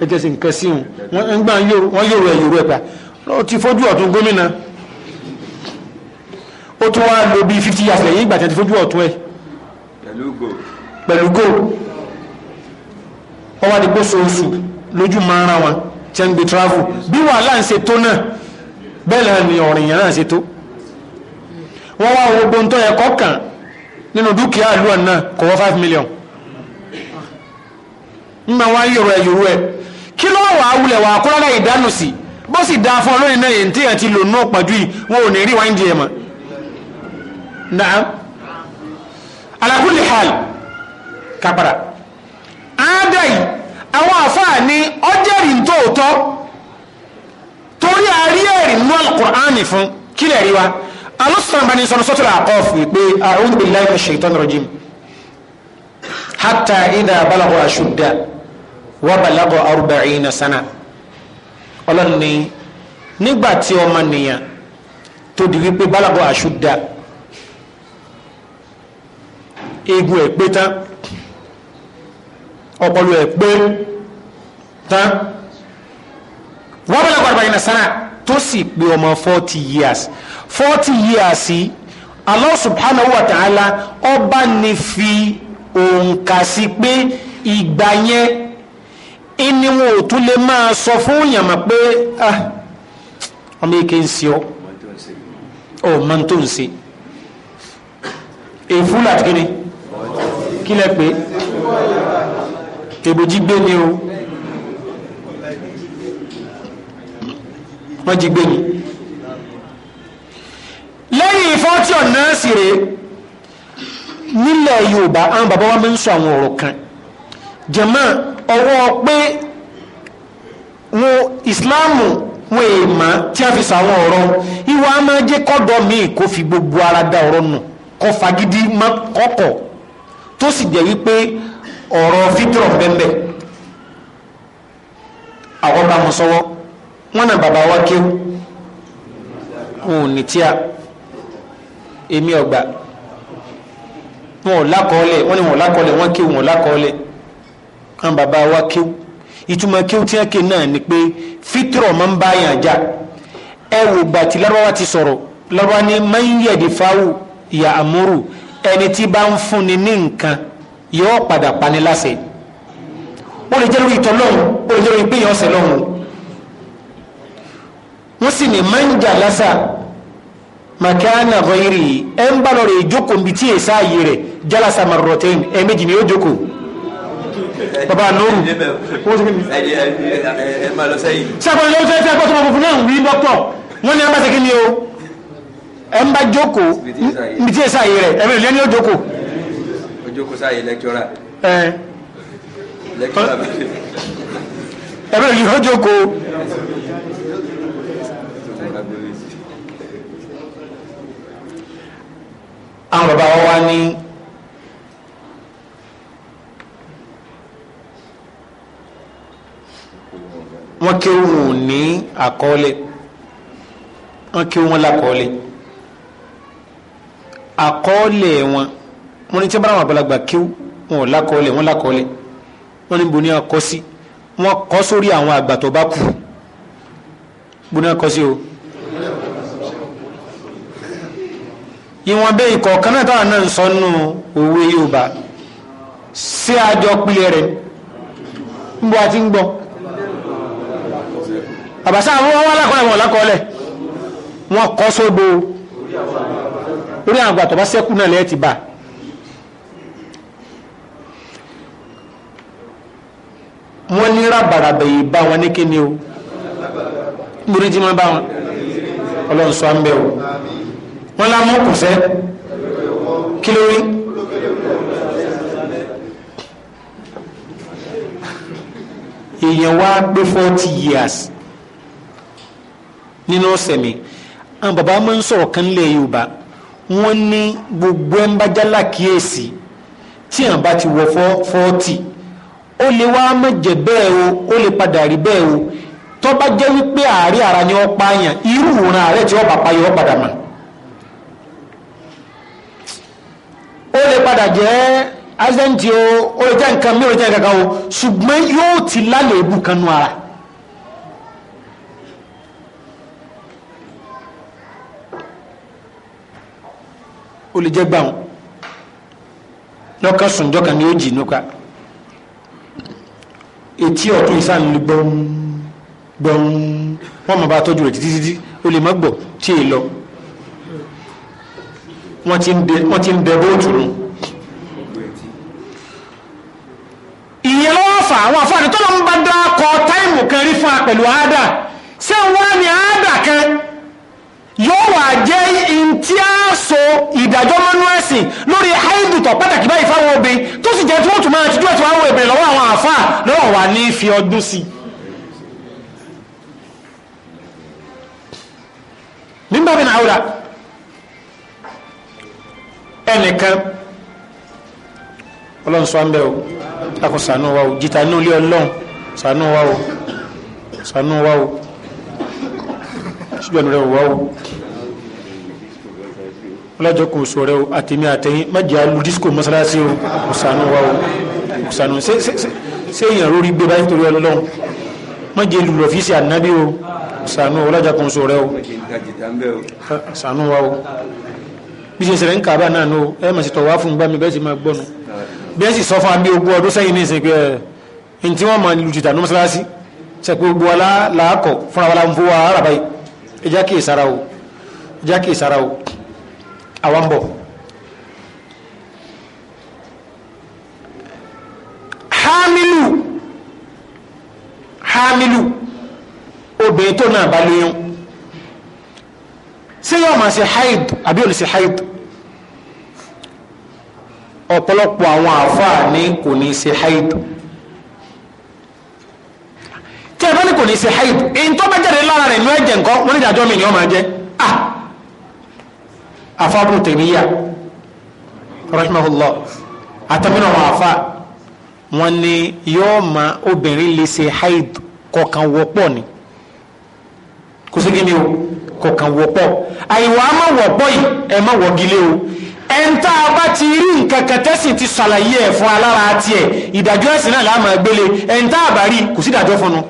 nǹkan sí wọn ńgbà wọ́n yòrò ẹ̀ yòrò ẹ̀ pa ó tún wá lo bíi fifty years lẹ́yìn ìgbà tí a ti fojú ọ̀tún ẹ̀ pẹ̀lú goal ọwọ́ àdìgbò lójú wọn tí a ń gbé travel bí wàhálà ń ṣe tó náà bẹ́ẹ̀ náà ni ọ̀rìn yẹn náà ṣe tó wọ́n wá owó gbóńtọ́ yẹ kọ́kàn nínú dúkìá ìlú ọ̀nà kò wọ́ five million mma wọn ayọ̀rọ̀ ẹ̀ yòrò ẹ̀ kí ló wà á wulẹ̀ wà á kúrọ́lẹ̀ ìdánù sí bó sì fún ọlọ́rin náà yẹn tí ti lò yìí wọn ò ní rí wáńdì ẹ̀ mọ́. na'am ala kulli hal kápára áádá yìí àwọn àfáà ní ọjẹ́rì tóòtọ́ torí àárí ẹ̀rì nínú al-Qur'ani fún kílẹ̀ rí wa alọ́sàn bá ní sọ́nà sọ́tọ̀ al-Qaf pé a'udhu billahi minash shaitanir rajim hatta idha balagha ashudda wa balagha arba'ina sana ọlọ́ni nígbà tí ọmọ nìyàn tó di wípé balagha ashudda egun ẹ̀ pé tán ọpọlọ ẹ̀ pé tán wọ́n bẹ̀rẹ̀ gbàgbà yìí nàṣánà tó sì pé ọmọ forty years forty years Allah subhanahu wa ta'ala ọba ní fi òǹkà sí pé ìgbà yẹn ìní wọn ò tún lè máa sọ fún yàmà pé ah, ọmọ èké ń ṣe ọ ọ ń tó ń ṣe èfúlà kí lẹ pé èbòjì gbé ni o wọ́n jí gbé ni lẹ́yìn fọ́tí ọ̀nà sì rèé nílẹ̀ yorùbá àwọn bàbá wa máa ń sọ àwọn ọ̀rọ̀ kan jẹ̀mọ́ ọwọ́ pé wọn ìsìláàmù wọn èèmọ̀ tí a fi sọ àwọn ọ̀rọ̀ ìwà máa jẹ́ kọ́dọ̀ míì kó fi gbogbo ara da ọ̀rọ̀ nù kọ́ fagídí kọ́kọ̀ tó sì jẹ́ wípé ọ̀rọ̀ fítírọ̀ bẹ́ẹ̀ àwọn bá wọn sọ́wọ́ wọn náà bàbá wa kéwù wọn ò ní tíya èmi ọgbà wọn ò lákọọlẹ wọn ni wọn ò lákọọlẹ wọn kéwù wọn ò lákọọlẹ wọn bàbá wa kéwù ìtumọ̀ kéwù tí wọn ké náà ni pé fítírọ̀ máa ń bá yàn já ẹ wò gbàtí lárúbáwá ti sọ̀rọ̀ lárúbáwá ni máa ń yẹ̀dí fáwù ìyá àmúrù ẹni tí bá ń fúnni ní nǹkan yóò padà pani láṣẹ ó lè jẹ́ lórí ìtọ́ lọ́hùn ó lè jẹ́ lórí pé èèyàn ọ̀sẹ̀ lọ́hùn wọ́n sì ní manja lásà makana ghoiri ẹ̀ ń bá lọ rẹ̀ ìjókòó níbi tí èsà ààyè rẹ̀ jálásà marrotain ẹ̀ méjì ni ó jókòó baba lóru sábà lọ́wọ́ fẹ́ẹ́ fẹ́ẹ́ kọ́ tó ma fọ́ fún náà wí dọ́kítọ̀ wọ́n ní abáṣekí ni o ẹ Joko, bá jókòó ibi tí èsà yìí rẹ ẹ bẹ̀rẹ̀ lẹ́ni ó jókòó. ó jókòó sáyé lẹ́kítọ́rà. ẹ bẹ̀rẹ̀ lẹ́ni ó jókòó. àwọn bàbá wa wá ní. wọ́n kí wọn ní àkọọ́lẹ̀ wọ́n kí wọn lákọọ́lẹ̀. àkọọ́lẹ̀ wọn wọn ni tí wọn bá wọn wọn ò wọn lakọọ́lẹ̀ wọn boni wọn kọ àwọn àgbà tó o. ìwọ̀n bẹ́ẹ̀ ikọ̀ kan náà táwọn náà òwe Yorùbá sí àjọ pilẹ̀ wọn wọn wọn orí àwọn àgbàtọ̀ bá sẹ́kù náà lẹ́ẹ̀ ti bá wọ́n ní rábàràbà yìí bá wọn ní kíni o múrí tí wọ́n bá wọn ọlọ́run sọ ń bẹ̀ o wọ́n lá mú kùsẹ́ kí ló rí. èèyàn wá pé forty years nínú ọ̀sẹ̀ mi àwọn bàbá máa ń sọ̀rọ̀ kan lé Yorùbá. wọ́n ní gbogbo ẹ̀ kíyèsí tí àwọn bá ti wọ fọ́ọ̀tì ó lè o ó lè padà o tó jẹ́ wípé ara ni ó pààyàn irú òran àárẹ̀ tí ó bá payọ̀ ó padà mà ó lè padà jẹ́ o ó lè jẹ́ nǹkan mi o ṣùgbọ́n yóò ti lálẹ́ ara. ó lè jẹ́ gbàùn lọ́kàn sùn jọ́kàn ni ó jì nípa etí ọ̀tún ìsàn lè gbọ́n gbọ́n wọ́n mọ̀ bá tọ́jú rẹ̀ títí títí ó lè má gbọ́ tí è lọ wọ́n ti ń bẹ bóòtù nù. ìyẹn lọ́wọ́ fà àwọn àfọ̀dé tó lọ́n bá dá ọkọ̀ táìmù kan rí fún wa pẹ̀lú àádà ṣé wọ́n ní àádà kan yóò wà jẹ́ in tí a so ìdájọ́ mọ́nú ẹ̀sìn lórí haidutọ̀ pàtàkì báyìí fáwọn obìnrin tó sì jẹ́ tí wọ́n tún máa ti dúró tí wọ́n wọ ìbèrè lọ́wọ́ àwọn àáfàá lọ́wọ́ wà ní fi ọdún sí nígbà bí náà rà ẹnìkan ọlọ́run sọ àmbẹ́ o àkó sànú wa o jìtà ní ilé ọlọ́run sànú wa o sànú wa o ṣùgbọ́n rẹ̀ wá o ọlọ́jọ́ kò sọ rẹ o àtẹ̀mí àtẹ̀yìn májà lu disco mọ́sálásí o kò sànù wa o kò sànù ṣé èèyàn lórí gbé báyìí torí ọlọ́run májà lu lọ́fíìsì ànábì o kò sànù ọlọ́jọ́ kò sọ rẹ o sànù wa o bí ṣe ṣẹlẹ̀ ń kàbá náà nù ẹ mà sì tọ̀ wá fún gbá mi bẹ́ẹ̀ sì máa gbọ́nu bẹ́ẹ̀ sì sọ fún abí ogún ọdún sẹ́yìn ní ìsìn pé ẹ̀ ntí wọ́n máa lu jìtà ní mọ́sálásí sẹ́pẹ́ gbogbo aláàkọ̀ fúnra wa la ń fowó ara báyìí ẹ já kí ìsara o ẹ já kí ìsara o. awambo ń hamilu hamilu obìnrin tó náà bá lóyún ṣé yóò ṣe haid àbí ò haid ọ̀pọ̀lọpọ̀ àwọn àfáà ní kò ní ṣe haid tí a ní kò ní ṣe haid èyí tó bá jáde lára rẹ̀ ní ẹ̀jẹ̀ nǹkan wọ́n ní ìdájọ́ mi ni wọ́n ma jẹ́ ah afábùrù tèmíyà rahimahullah àtàmínà wọn afa wọn ni yóò ma obìnrin lè ṣe haid kọkàn wọ́pọ̀ ni kò sí kíni o kọkàn wọ́pọ̀ àyẹ̀wò a máa wọ́pọ̀ yìí ẹ máa wọ́gilé o ẹ̀ńtà bá ti rí nǹkan kẹtẹ́sì ti ṣàlàyé ẹ̀ fún alára tiẹ̀ ìdájọ́ ẹ̀sìn náà láàmà gbélé ẹ̀ńtà bá rí kò sí ìdájọ́ fún un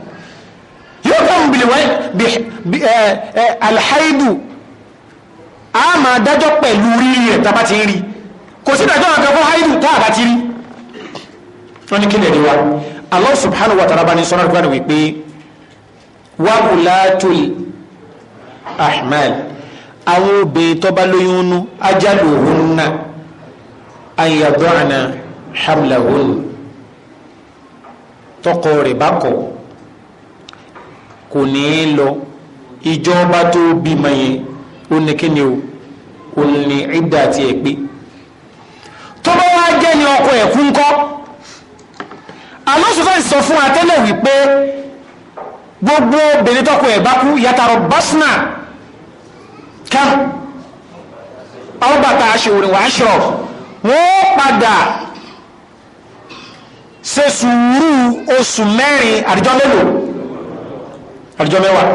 yóò kọ́ ń bilẹ̀ wáyé alhaidu a máa dájọ́ pẹ̀lú rírí rẹ̀ tá a bá ti rí kò sí dájọ́ kankan fún haidu tá a bá ti rí wọ́n ní kílẹ̀ ni wa Allah subhanahu wa ta'ala bá sọ́nà rẹ̀ wọ́n wípé wa ulatul ahmal àwọn obìnrin tó bá lóyún nú ajaluhunna an yad'ana hamlahun tọkọ rẹ̀ bá kọ̀ kò ní í lọ ìjọba tó bímọ yẹn ó ní kí ni o ó ní ìdá àti ẹ̀ tó bá wá jẹ́ ni ọkọ ẹ̀ kú ńkọ́ alóṣù fẹ́ẹ́ sọ fún atẹ́lẹ̀ wípé gbogbo obìnrin tọkọ ẹ̀ bá kú yàtàrọ̀ bọ́sùnà ká a ṣe òrìn wọ́n padà ṣe sùúrù oṣù mẹ́rin àdìjọ́ àdìjọ́ mẹ́wàá.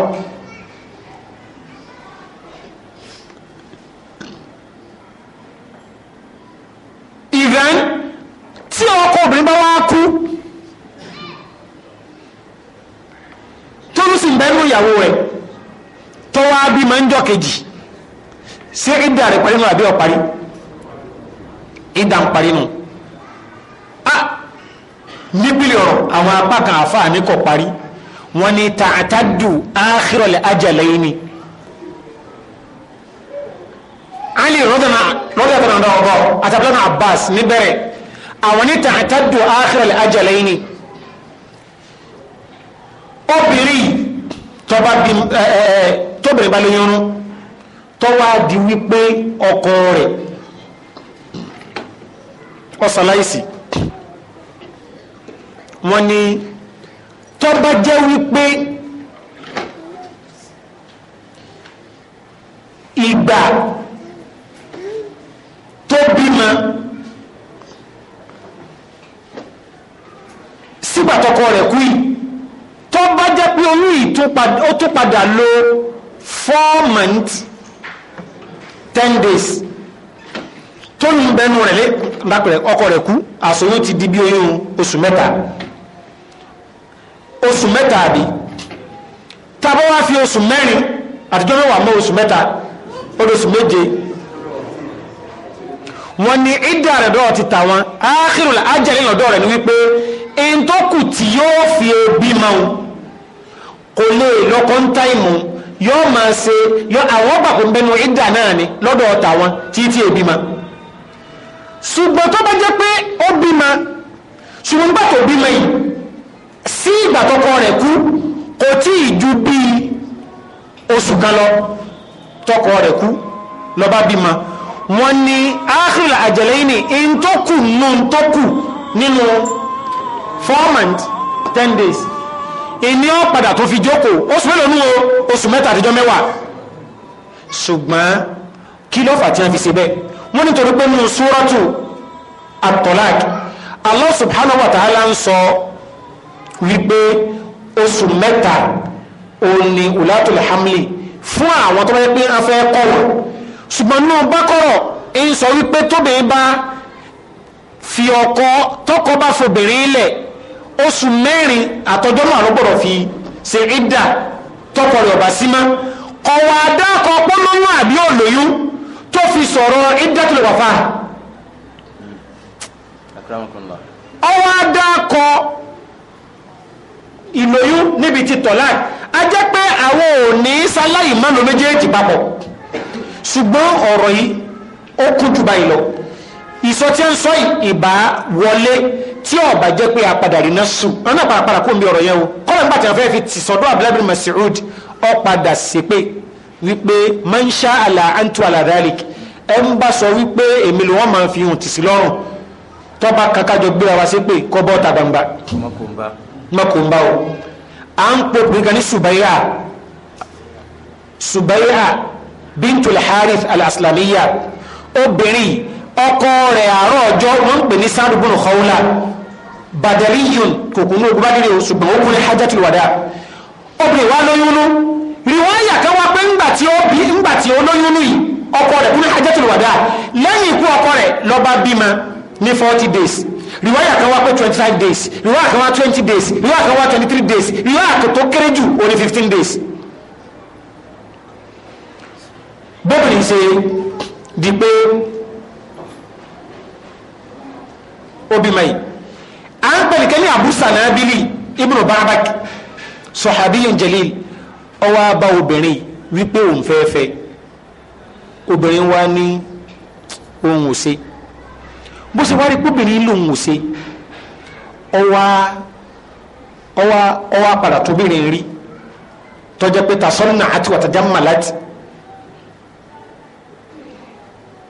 ìrẹ́n tí ọkọ obìnrin bá wá kú tóun sì ń bẹ́ẹ̀ nù ìyàwó rẹ̀ tó wá bí máa ń jọ kejì ṣé ìdá rẹ̀ parí nù àbí ọ̀parí ìdá ń parí nù ah, níbílẹ̀ ọ̀rọ̀ àwọn apá kan àfa àníkọ̀ parí wọ́n ní tààtàdù áhírọ̀lẹ̀ ajálẹ̀ ni. Ta ali rọ́dọ̀nà rọ́dọ̀nà ọ̀bọ̀ àtàbílọ́nà abbas níbẹ̀rẹ̀ àwọn ní tààtàdù áhìrẹ̀lẹ̀ ajalẹ̀ ni obìnrin tọba bí tóbìnrin bá lóyún tọ́wá di wípé ọkọ rẹ̀ ọ̀sàláìsì wọ́n ní tọ́ba jẹ́ wípé ìgbà tó bímọ sígbàtọkọ rẹ̀ kú yìí tó bá jẹ́ pé oyún yìí ó tún padà lo four months ten days tó ní bẹnu rẹ̀ lé ọkọ rẹ̀ kú àsòyún ti di bí oyún oṣù mẹ́ta oṣù mẹ́ta àbí tábọ́ wá fi oṣù mẹ́rin àtijọ́ mẹ́wàá mọ́ oṣù mẹ́ta ó lóṣù méje wọ́n ní ìdá rẹ̀ dọ́ọ̀ ti tàwọn áàkìrò ajẹ́lẹ̀ lọ́dọ̀ rẹ̀ ni wípé in tó kù tí yóò fi ebi máa kò lè lọ́kọ́ ń táìmù yóò máa ṣe yọ àwọn pàpọ̀ nbẹ́nu ìdá náà ni lọ́dọ̀ tàwọn títí ebi máa ṣùgbọ́n tó bá jẹ́ pé ó bí máa ṣùgbọ́n nígbà tó bí máa yìí sí ìgbà tọkọ rẹ̀ kú kò tí ì ju bíi oṣù kan lọ tọkọ rẹ̀ kú lọ́ba bí máa wọ́n ní áàkìlá àjẹ̀lẹ́yìnì in tó kù nù tó kù nínú four months ten days ìní ó padà tó fi jókòó oṣù mélòó nú o oṣù mẹ́ta àtijọ́ mẹ́wàá ṣùgbọ́n kí ló fà tí wọ́n fi ṣe bẹ́ẹ̀ wọ́n nítorí pé nínú súrọ́tù at-Talaq ń sọ wípé oṣù mẹ́ta òní ulatul hamli fún àwọn tó bá yẹ pé a fẹ́ kọ́ wọn ṣùgbọ́n nínú bákọ́rọ̀ ń sọ wípé tóbìnrin bá fi ọkọ tọkọ bá fobìnrin lẹ̀ oṣù mẹ́rin àtọjọ́ náà ló gbọ́dọ̀ fi ṣe ìdá tọkọ rẹ̀ ọ̀bà símá ọ̀wọ́ adákọ̀ pọ́nmọ́nú àbí òlòyún tó fi sọ̀rọ̀ ìdá tó lè wà fà ọwọ́ adákọ̀ ìlòyún níbi ti tọ̀lá a jẹ́ pé àwọn ò ní sáláyìí mọ́nu méjèèjì papọ̀ ṣùgbọ́n ọ̀rọ̀ yìí ó kún jù báyìí lọ ìsọ tí ń sọ ìbá wọlé tí ọba jẹ́ pé apadà rí náà sùn wọn náà parapara kó n bí ọ̀rọ̀ yẹn o kọ́lá nígbà tí wọ́n fẹ́ fi tì sọ́dọ̀ abdulhamid mas'ud ọ̀padà ṣépè wípé manṣá àlà antu àlà dalik ẹ̀ ń bá sọ wípé èmi ló wọ́n máa fi hùn tì sí lọ́rùn kakajọ gbéra wa ṣépè kọ́ ta gbangba mọ́kùnbá o à ń pọ̀ pínká ní ṣùbáyà ṣùbáyà bintul harith al-aslamiyya obìnrin ọkọ rẹ̀ àárọ̀ ọjọ́ wọ́n ń pè ní sádùgbọ́n kọ́wúlà badariyun kò kún ní ogun bádìrì o ṣùgbọ́n ó kún ní hajjatul wada obìnrin wa lóyúnú riwaya kan wá pé ńgbà tí ó bí ńgbà tí ó lóyúnú yìí ọkọ rẹ̀ kún ní hajjatul wada lẹ́yìn ikú ọkọ rẹ̀ ló bá bímọ ní forty days riwaya kan wá pé twenty five days riwaya kan wá twenty days riwaya kan wá twenty three days riwaya kan tó kéré jù ó ní fifteen days. bóbìnrin ṣe di pé obi yìí à ń pè nìkan ní Abu Sanabili ibnu Barabak sọ̀hábíyàn jalil ọwọ́ abá obìnrin wípé òun fẹ́ fẹ́ obìnrin wa ní òun ò ṣe bó ṣe wá rí kóbìnrin lòun ò ṣe ọwọ́ ọwọ́ padà tóbìnrin rí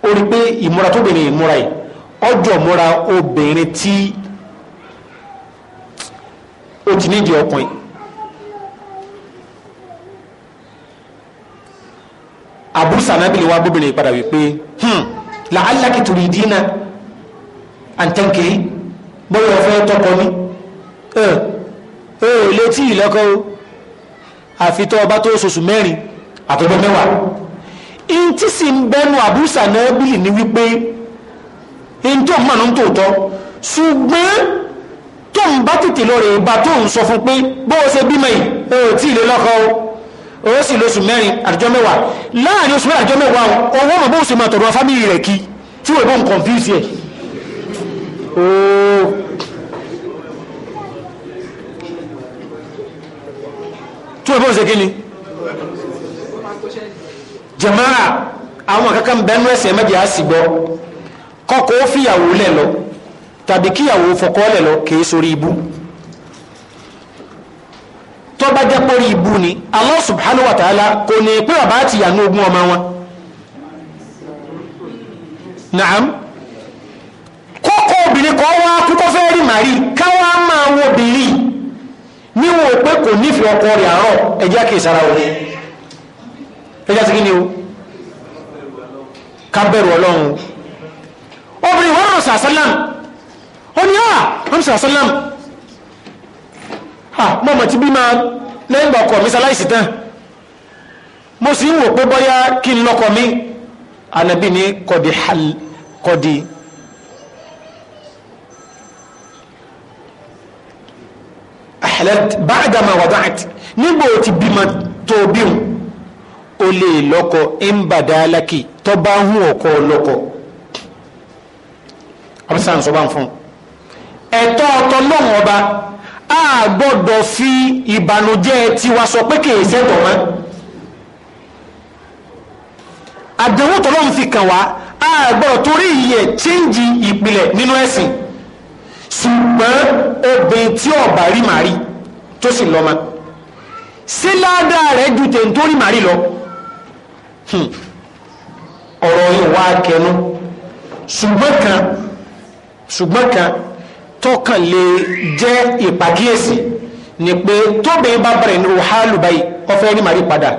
ó rí pé ìmúra tóbìnrin ìmúra yìí ọjọ́ múra obìnrin tí ó ti nídìí ọkùnrin abusa anabili wa bóbìnrin padà wípé hmm, la'allaki turidina àǹtẹ̀ǹkì bóyá ọ̀fẹ́ tọkọ ní ẹ̀ ẹ̀ létí ìlọ́kọ́ àfitọ́ ọba tó oṣooṣù mẹ́rin àtọ́gbọ́ mẹ́wàá in tí sì ń bẹnu àbúsà náà bílì ní wípé in tó mọ̀ ní tòótọ́ ṣùgbọ́n tó ń bá tètè lọ rẹ̀ bá tó ń sọ fún pé bó o ṣe bímọ yìí o ò tí ì lè lọ́kọ o ó sì lóṣù mẹ́rin àtijọ́ mẹ́wàá láàrin oṣù mẹ́rin àtijọ́ mẹ́wàá owó mọ̀ bó o ṣe máa tọ̀dọ̀ fámìlì rẹ̀ kí tí wọ́n bó ń kọ̀ǹfíìsì ẹ̀ ooo tí wọ́n bó ń ṣe kí ni. jẹmọ́ra àwọn kankan bẹnu ẹsẹ̀ mẹ́jẹ á sì gbọ́ kọ́kọ́ ó fìyàwó lẹ̀ lọ tàbí kíyàwó fọkọ́ lẹ̀ lọ kìí sórí ibú ibu bá jẹ́ pé ibu ni Allah subhanahu wa ta'ala kò ní pé bàbá ogún ọmọ wọn naam kókó obìnrin kan wá kúkọ́ fẹ́ ọkọ rẹ̀ àárọ̀ ẹjá sí kí ni o ká bẹ̀rù ọlọ́run obìnrin wọn rọ̀ sàásálàm ó ní àà wọn sàásálàm à mọ̀mọ̀ tí bí máa lẹ́yìn ìgbà ọkọ̀ mi sáláìsì tán mo sì ń wò pé bọ́yá kí n lọ́kọ̀ mi ànàbí ni kọ̀dì kọ̀dì ahlẹ́t báàgàmà wàdáàtì nígbà ó ti bímọ tó bíun o lè lọ́kọ ńbàdàlákì tó bá ń hùn ọkọ lọ́kọ ọmọsán sọ bá ń fún ẹ̀tọ́ ọ̀tọ̀ lọ́wọ́ ọba a gbọ́dọ̀ fi ìbànújẹ́ tiwa sọ pé kìí sẹ́tọ̀ mọ́ àdéhùn tọ́lọ́run fi kàn wá a gbọ́dọ̀ torí ìyẹ̀ chíńjì ìpìlẹ̀ nínú ẹ̀sìn ṣùgbọ́n obìnrin tí ọ̀bà rí màrí tó sì lọ́mọ sí ládàá rẹ̀ ju tèntórí màrí lọ. Hmm. ọ̀rọ̀ yìí wá kẹnu ṣùgbọ́n kan ṣùgbọ́n kan tọkàn lè jẹ́ ìpàkíyèsí ni pé tóbi bá bẹ̀rẹ̀ ní ruhalu báyìí ọ̀fẹ́ ní màrí padà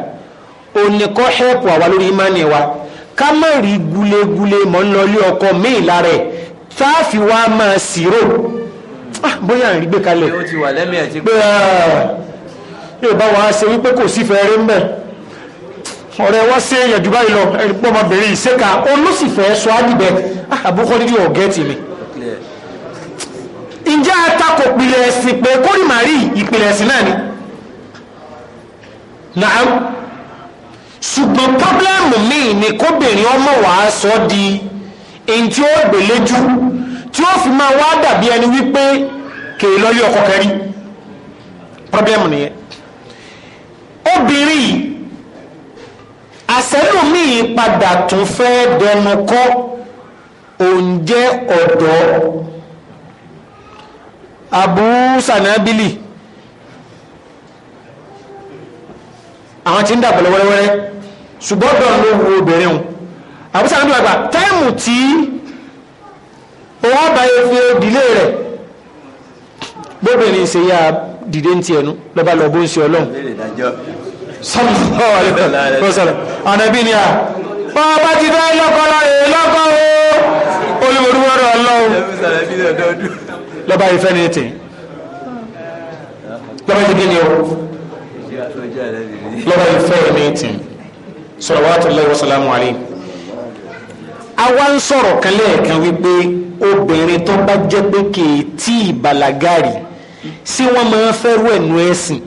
oníkọ́ hẹ́pù àwa lórí wa ká má rí gulegule mọ́ ń lọ ọkọ míì lára ẹ̀ táàfì wa máa ṣírò ah, bóyá rí gbé kalẹ̀ pé ẹ bá wàá ṣe wípé kò sífẹ̀ẹ́ rí mbẹ́. ọ̀rẹ́ wá sí èèyàn jù báyìí lọ ẹ̀rìpọ̀mọbìnrin ìṣèkà olóṣìfẹ́ sọ ájìbẹ́ ah, àbúkọ́rírí ọ̀gẹ́tì mi ǹjẹ́ atakò pìlẹ̀ ẹ̀sìn pé kórì màrí ìpìlẹ̀ ẹ̀sìn náà ni na ṣùgbọ́n pọ́blẹ́mù míì ni kóbìnrin ọmọ wàá sọ di èyí tí ó gbèléjú tí ó fi máa wá dàbí ẹni wípé kèé ọkọ kẹrí pọ́blẹ́mù nìyẹn obìnrin yìí àṣẹlòmíì padà tún fẹ́ dẹnu kọ́ oúnjẹ ọ̀dọ́ abu sanabili àwọn tí ń dàgbọ̀ lọ́wọ́rẹ́wọ́rẹ́ ṣùgbọ́n dọ̀ ló wo obìnrin o abu sanabili àgbà táìmù tí òun àbáyé fi òdìlé rẹ̀ bóbìnrin ṣe yá dìde ń tiẹ̀ nu lọ́ba lọ́bó ń ṣe ọlọ́run sallallahu alaihi wasallam ànábì ni à bá a bá ti fẹ́ lọ́kọ́ láyé lọ́kọ́ o olùwòrúwọ́rọ̀ ọlọ́run lọ́ba ìfẹ́ ni tì lọ́ba ìfẹ́ ni o lọ́ba ìfẹ́ ni tì salawatullahi wa salamu alayhi àwa ń sọ̀rọ̀ kan lẹ́ẹ̀kan wípé obìnrin tó bá jẹ́ pé kì í tí ì balagari sí wọ́n máa ń fẹ́rù ẹ̀nu ẹ̀sìn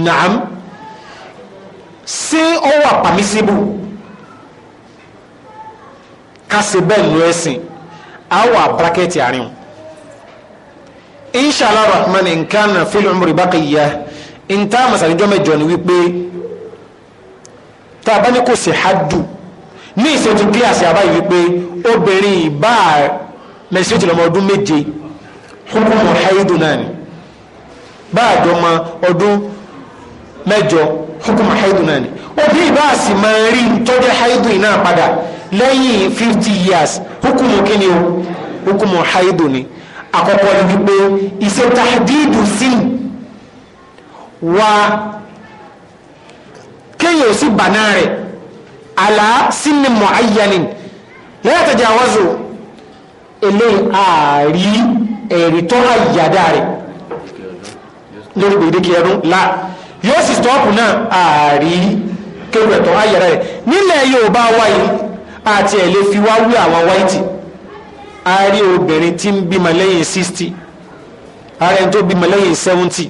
naam ṣé ó wà pàmísíbù kásì bẹ́ẹ̀ lọ ẹ̀sìn á wà bírákẹ́tì àárín inshallah rahman nkan fil umri baqiya nta masanijọ́ mẹ́jọ ni wípé tá a bá ní kò sí hadu ní ìṣètò kíláàsì àbáyé wípé obìnrin ìbá mẹsìlẹ́tì lọ́mọ ọdún méje hukumu haidu náà ni báàjọ́ ma ọdún mẹ́jọ hukumu haidu náà ni obi ìbáàsì máa rí tọ́jú haidu náà padà lẹ́yìn fifty years hukumu kíni o hukumu haidu ni àkọ́kọ́ ni wípé ìṣe tahdidu sin wa kéèyàn ò sí bàná rẹ̀ àlá sinmi mu'ayyanin lẹ́yìn tajawazu eléyìí ààrí ẹ̀rí tó àyàdá rẹ̀ lórí gbèdéke ẹ̀rú yóò sì stọ́ọ̀pù náà ààrí kéwù ẹ̀tọ́ ayẹ̀rẹ́ rẹ̀ nílẹ̀ Yorùbá wáyé àti ẹ̀ lè fi wá wí àwọn wáìtì ààrí obìnrin tí ń bímọ lẹ́yìn sixty ààrẹ tó bímọ lẹ́yìn seventy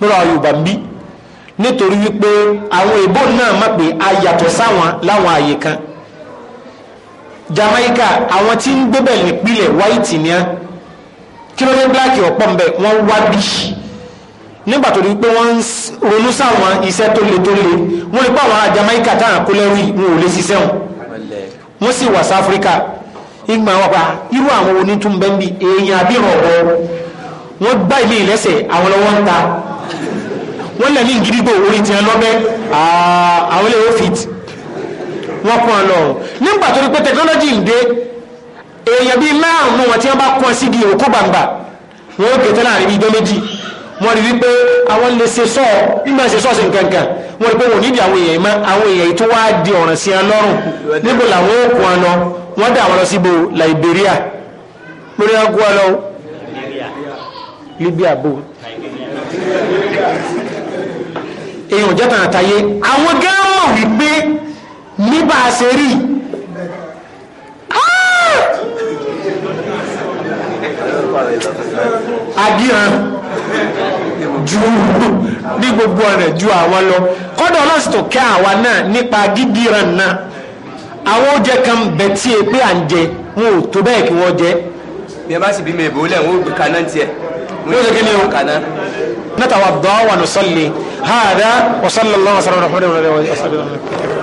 lọ́rọ̀ Yorùbá ń bí nítorí wípé àwọn ìbò náà mọ̀ pé a yàtọ̀ sáwọn láwọn àyè kan Jamaica àwọn tí ń gbébẹ̀ nípìnlẹ̀ wáìtì ni á kí ló dé bíláàkì ọ̀pọ̀ ń bẹ wọ́n wá bí i nígbàtò rí pé wọ́n ń ronú sáwọn iṣẹ́ tó le tó le wọ́n rí pàwọn Jamaica táwọn akólẹ́rù wọn ò lè ṣiṣẹ́ wọn wọ́n sì wà sáfíríkà ìgbà wọn pa irú àwọn onítúnbẹ́ńbì èèyàn àbíràn ọ̀bọ wọ́n gbá ilé ìlẹ́sẹ̀ àwọn lọ́wọ́ ń ta wọ́n lẹ̀ ní ìgídígbò orí ti ẹ àwọn ilé òfìt wọ́n kún ọ lọ nígbà tó rí ń dé èèyàn bíi márùn-ún wọn tí wọ́n bá kún ọ sí di òkú gbàǹgbà wọ́n ó kété láàrin ibi wọ́n rí wípé àwọn lè ṣe sọ́ọ̀ nígbà ṣe sọ́ọ̀ sí nkankan wọ́n rí pé wọ́n nídìí àwọn èèyàn mọ́ àwọn èèyàn tó wá di ọ̀ràn sí ẹ lọ́rùn níbo làwọn òkun ọ lọ wọ́n dà wọ́n lọ síbo Liberia lórí ọkọ̀ ọ lọ Libya bò èèyàn jẹ́ tàn àtàyé àwọn gẹ́rọ̀ wípé níbà ṣe rí ah! agíran ju ní gbogbo ọ̀rẹ́ ju àwọn lọ kọ́dọ̀ ọlọ́sìn tó kẹ́ àwa náà nípa gídíran náà àwọn oúnjẹ kan bẹ̀ tí e pé à ń jẹ wọn ò tó bẹ́ẹ̀ kí wọ́n jẹ. bí ẹ bá sì bí mi ìbò lẹ̀ wọ́n ò gbé kaná tiẹ̀. ní o ṣe kí ni o náà tàwa bọ́ wà ní sọ́ọ̀lì hàdá wa sallallahu alaihi wa sallam.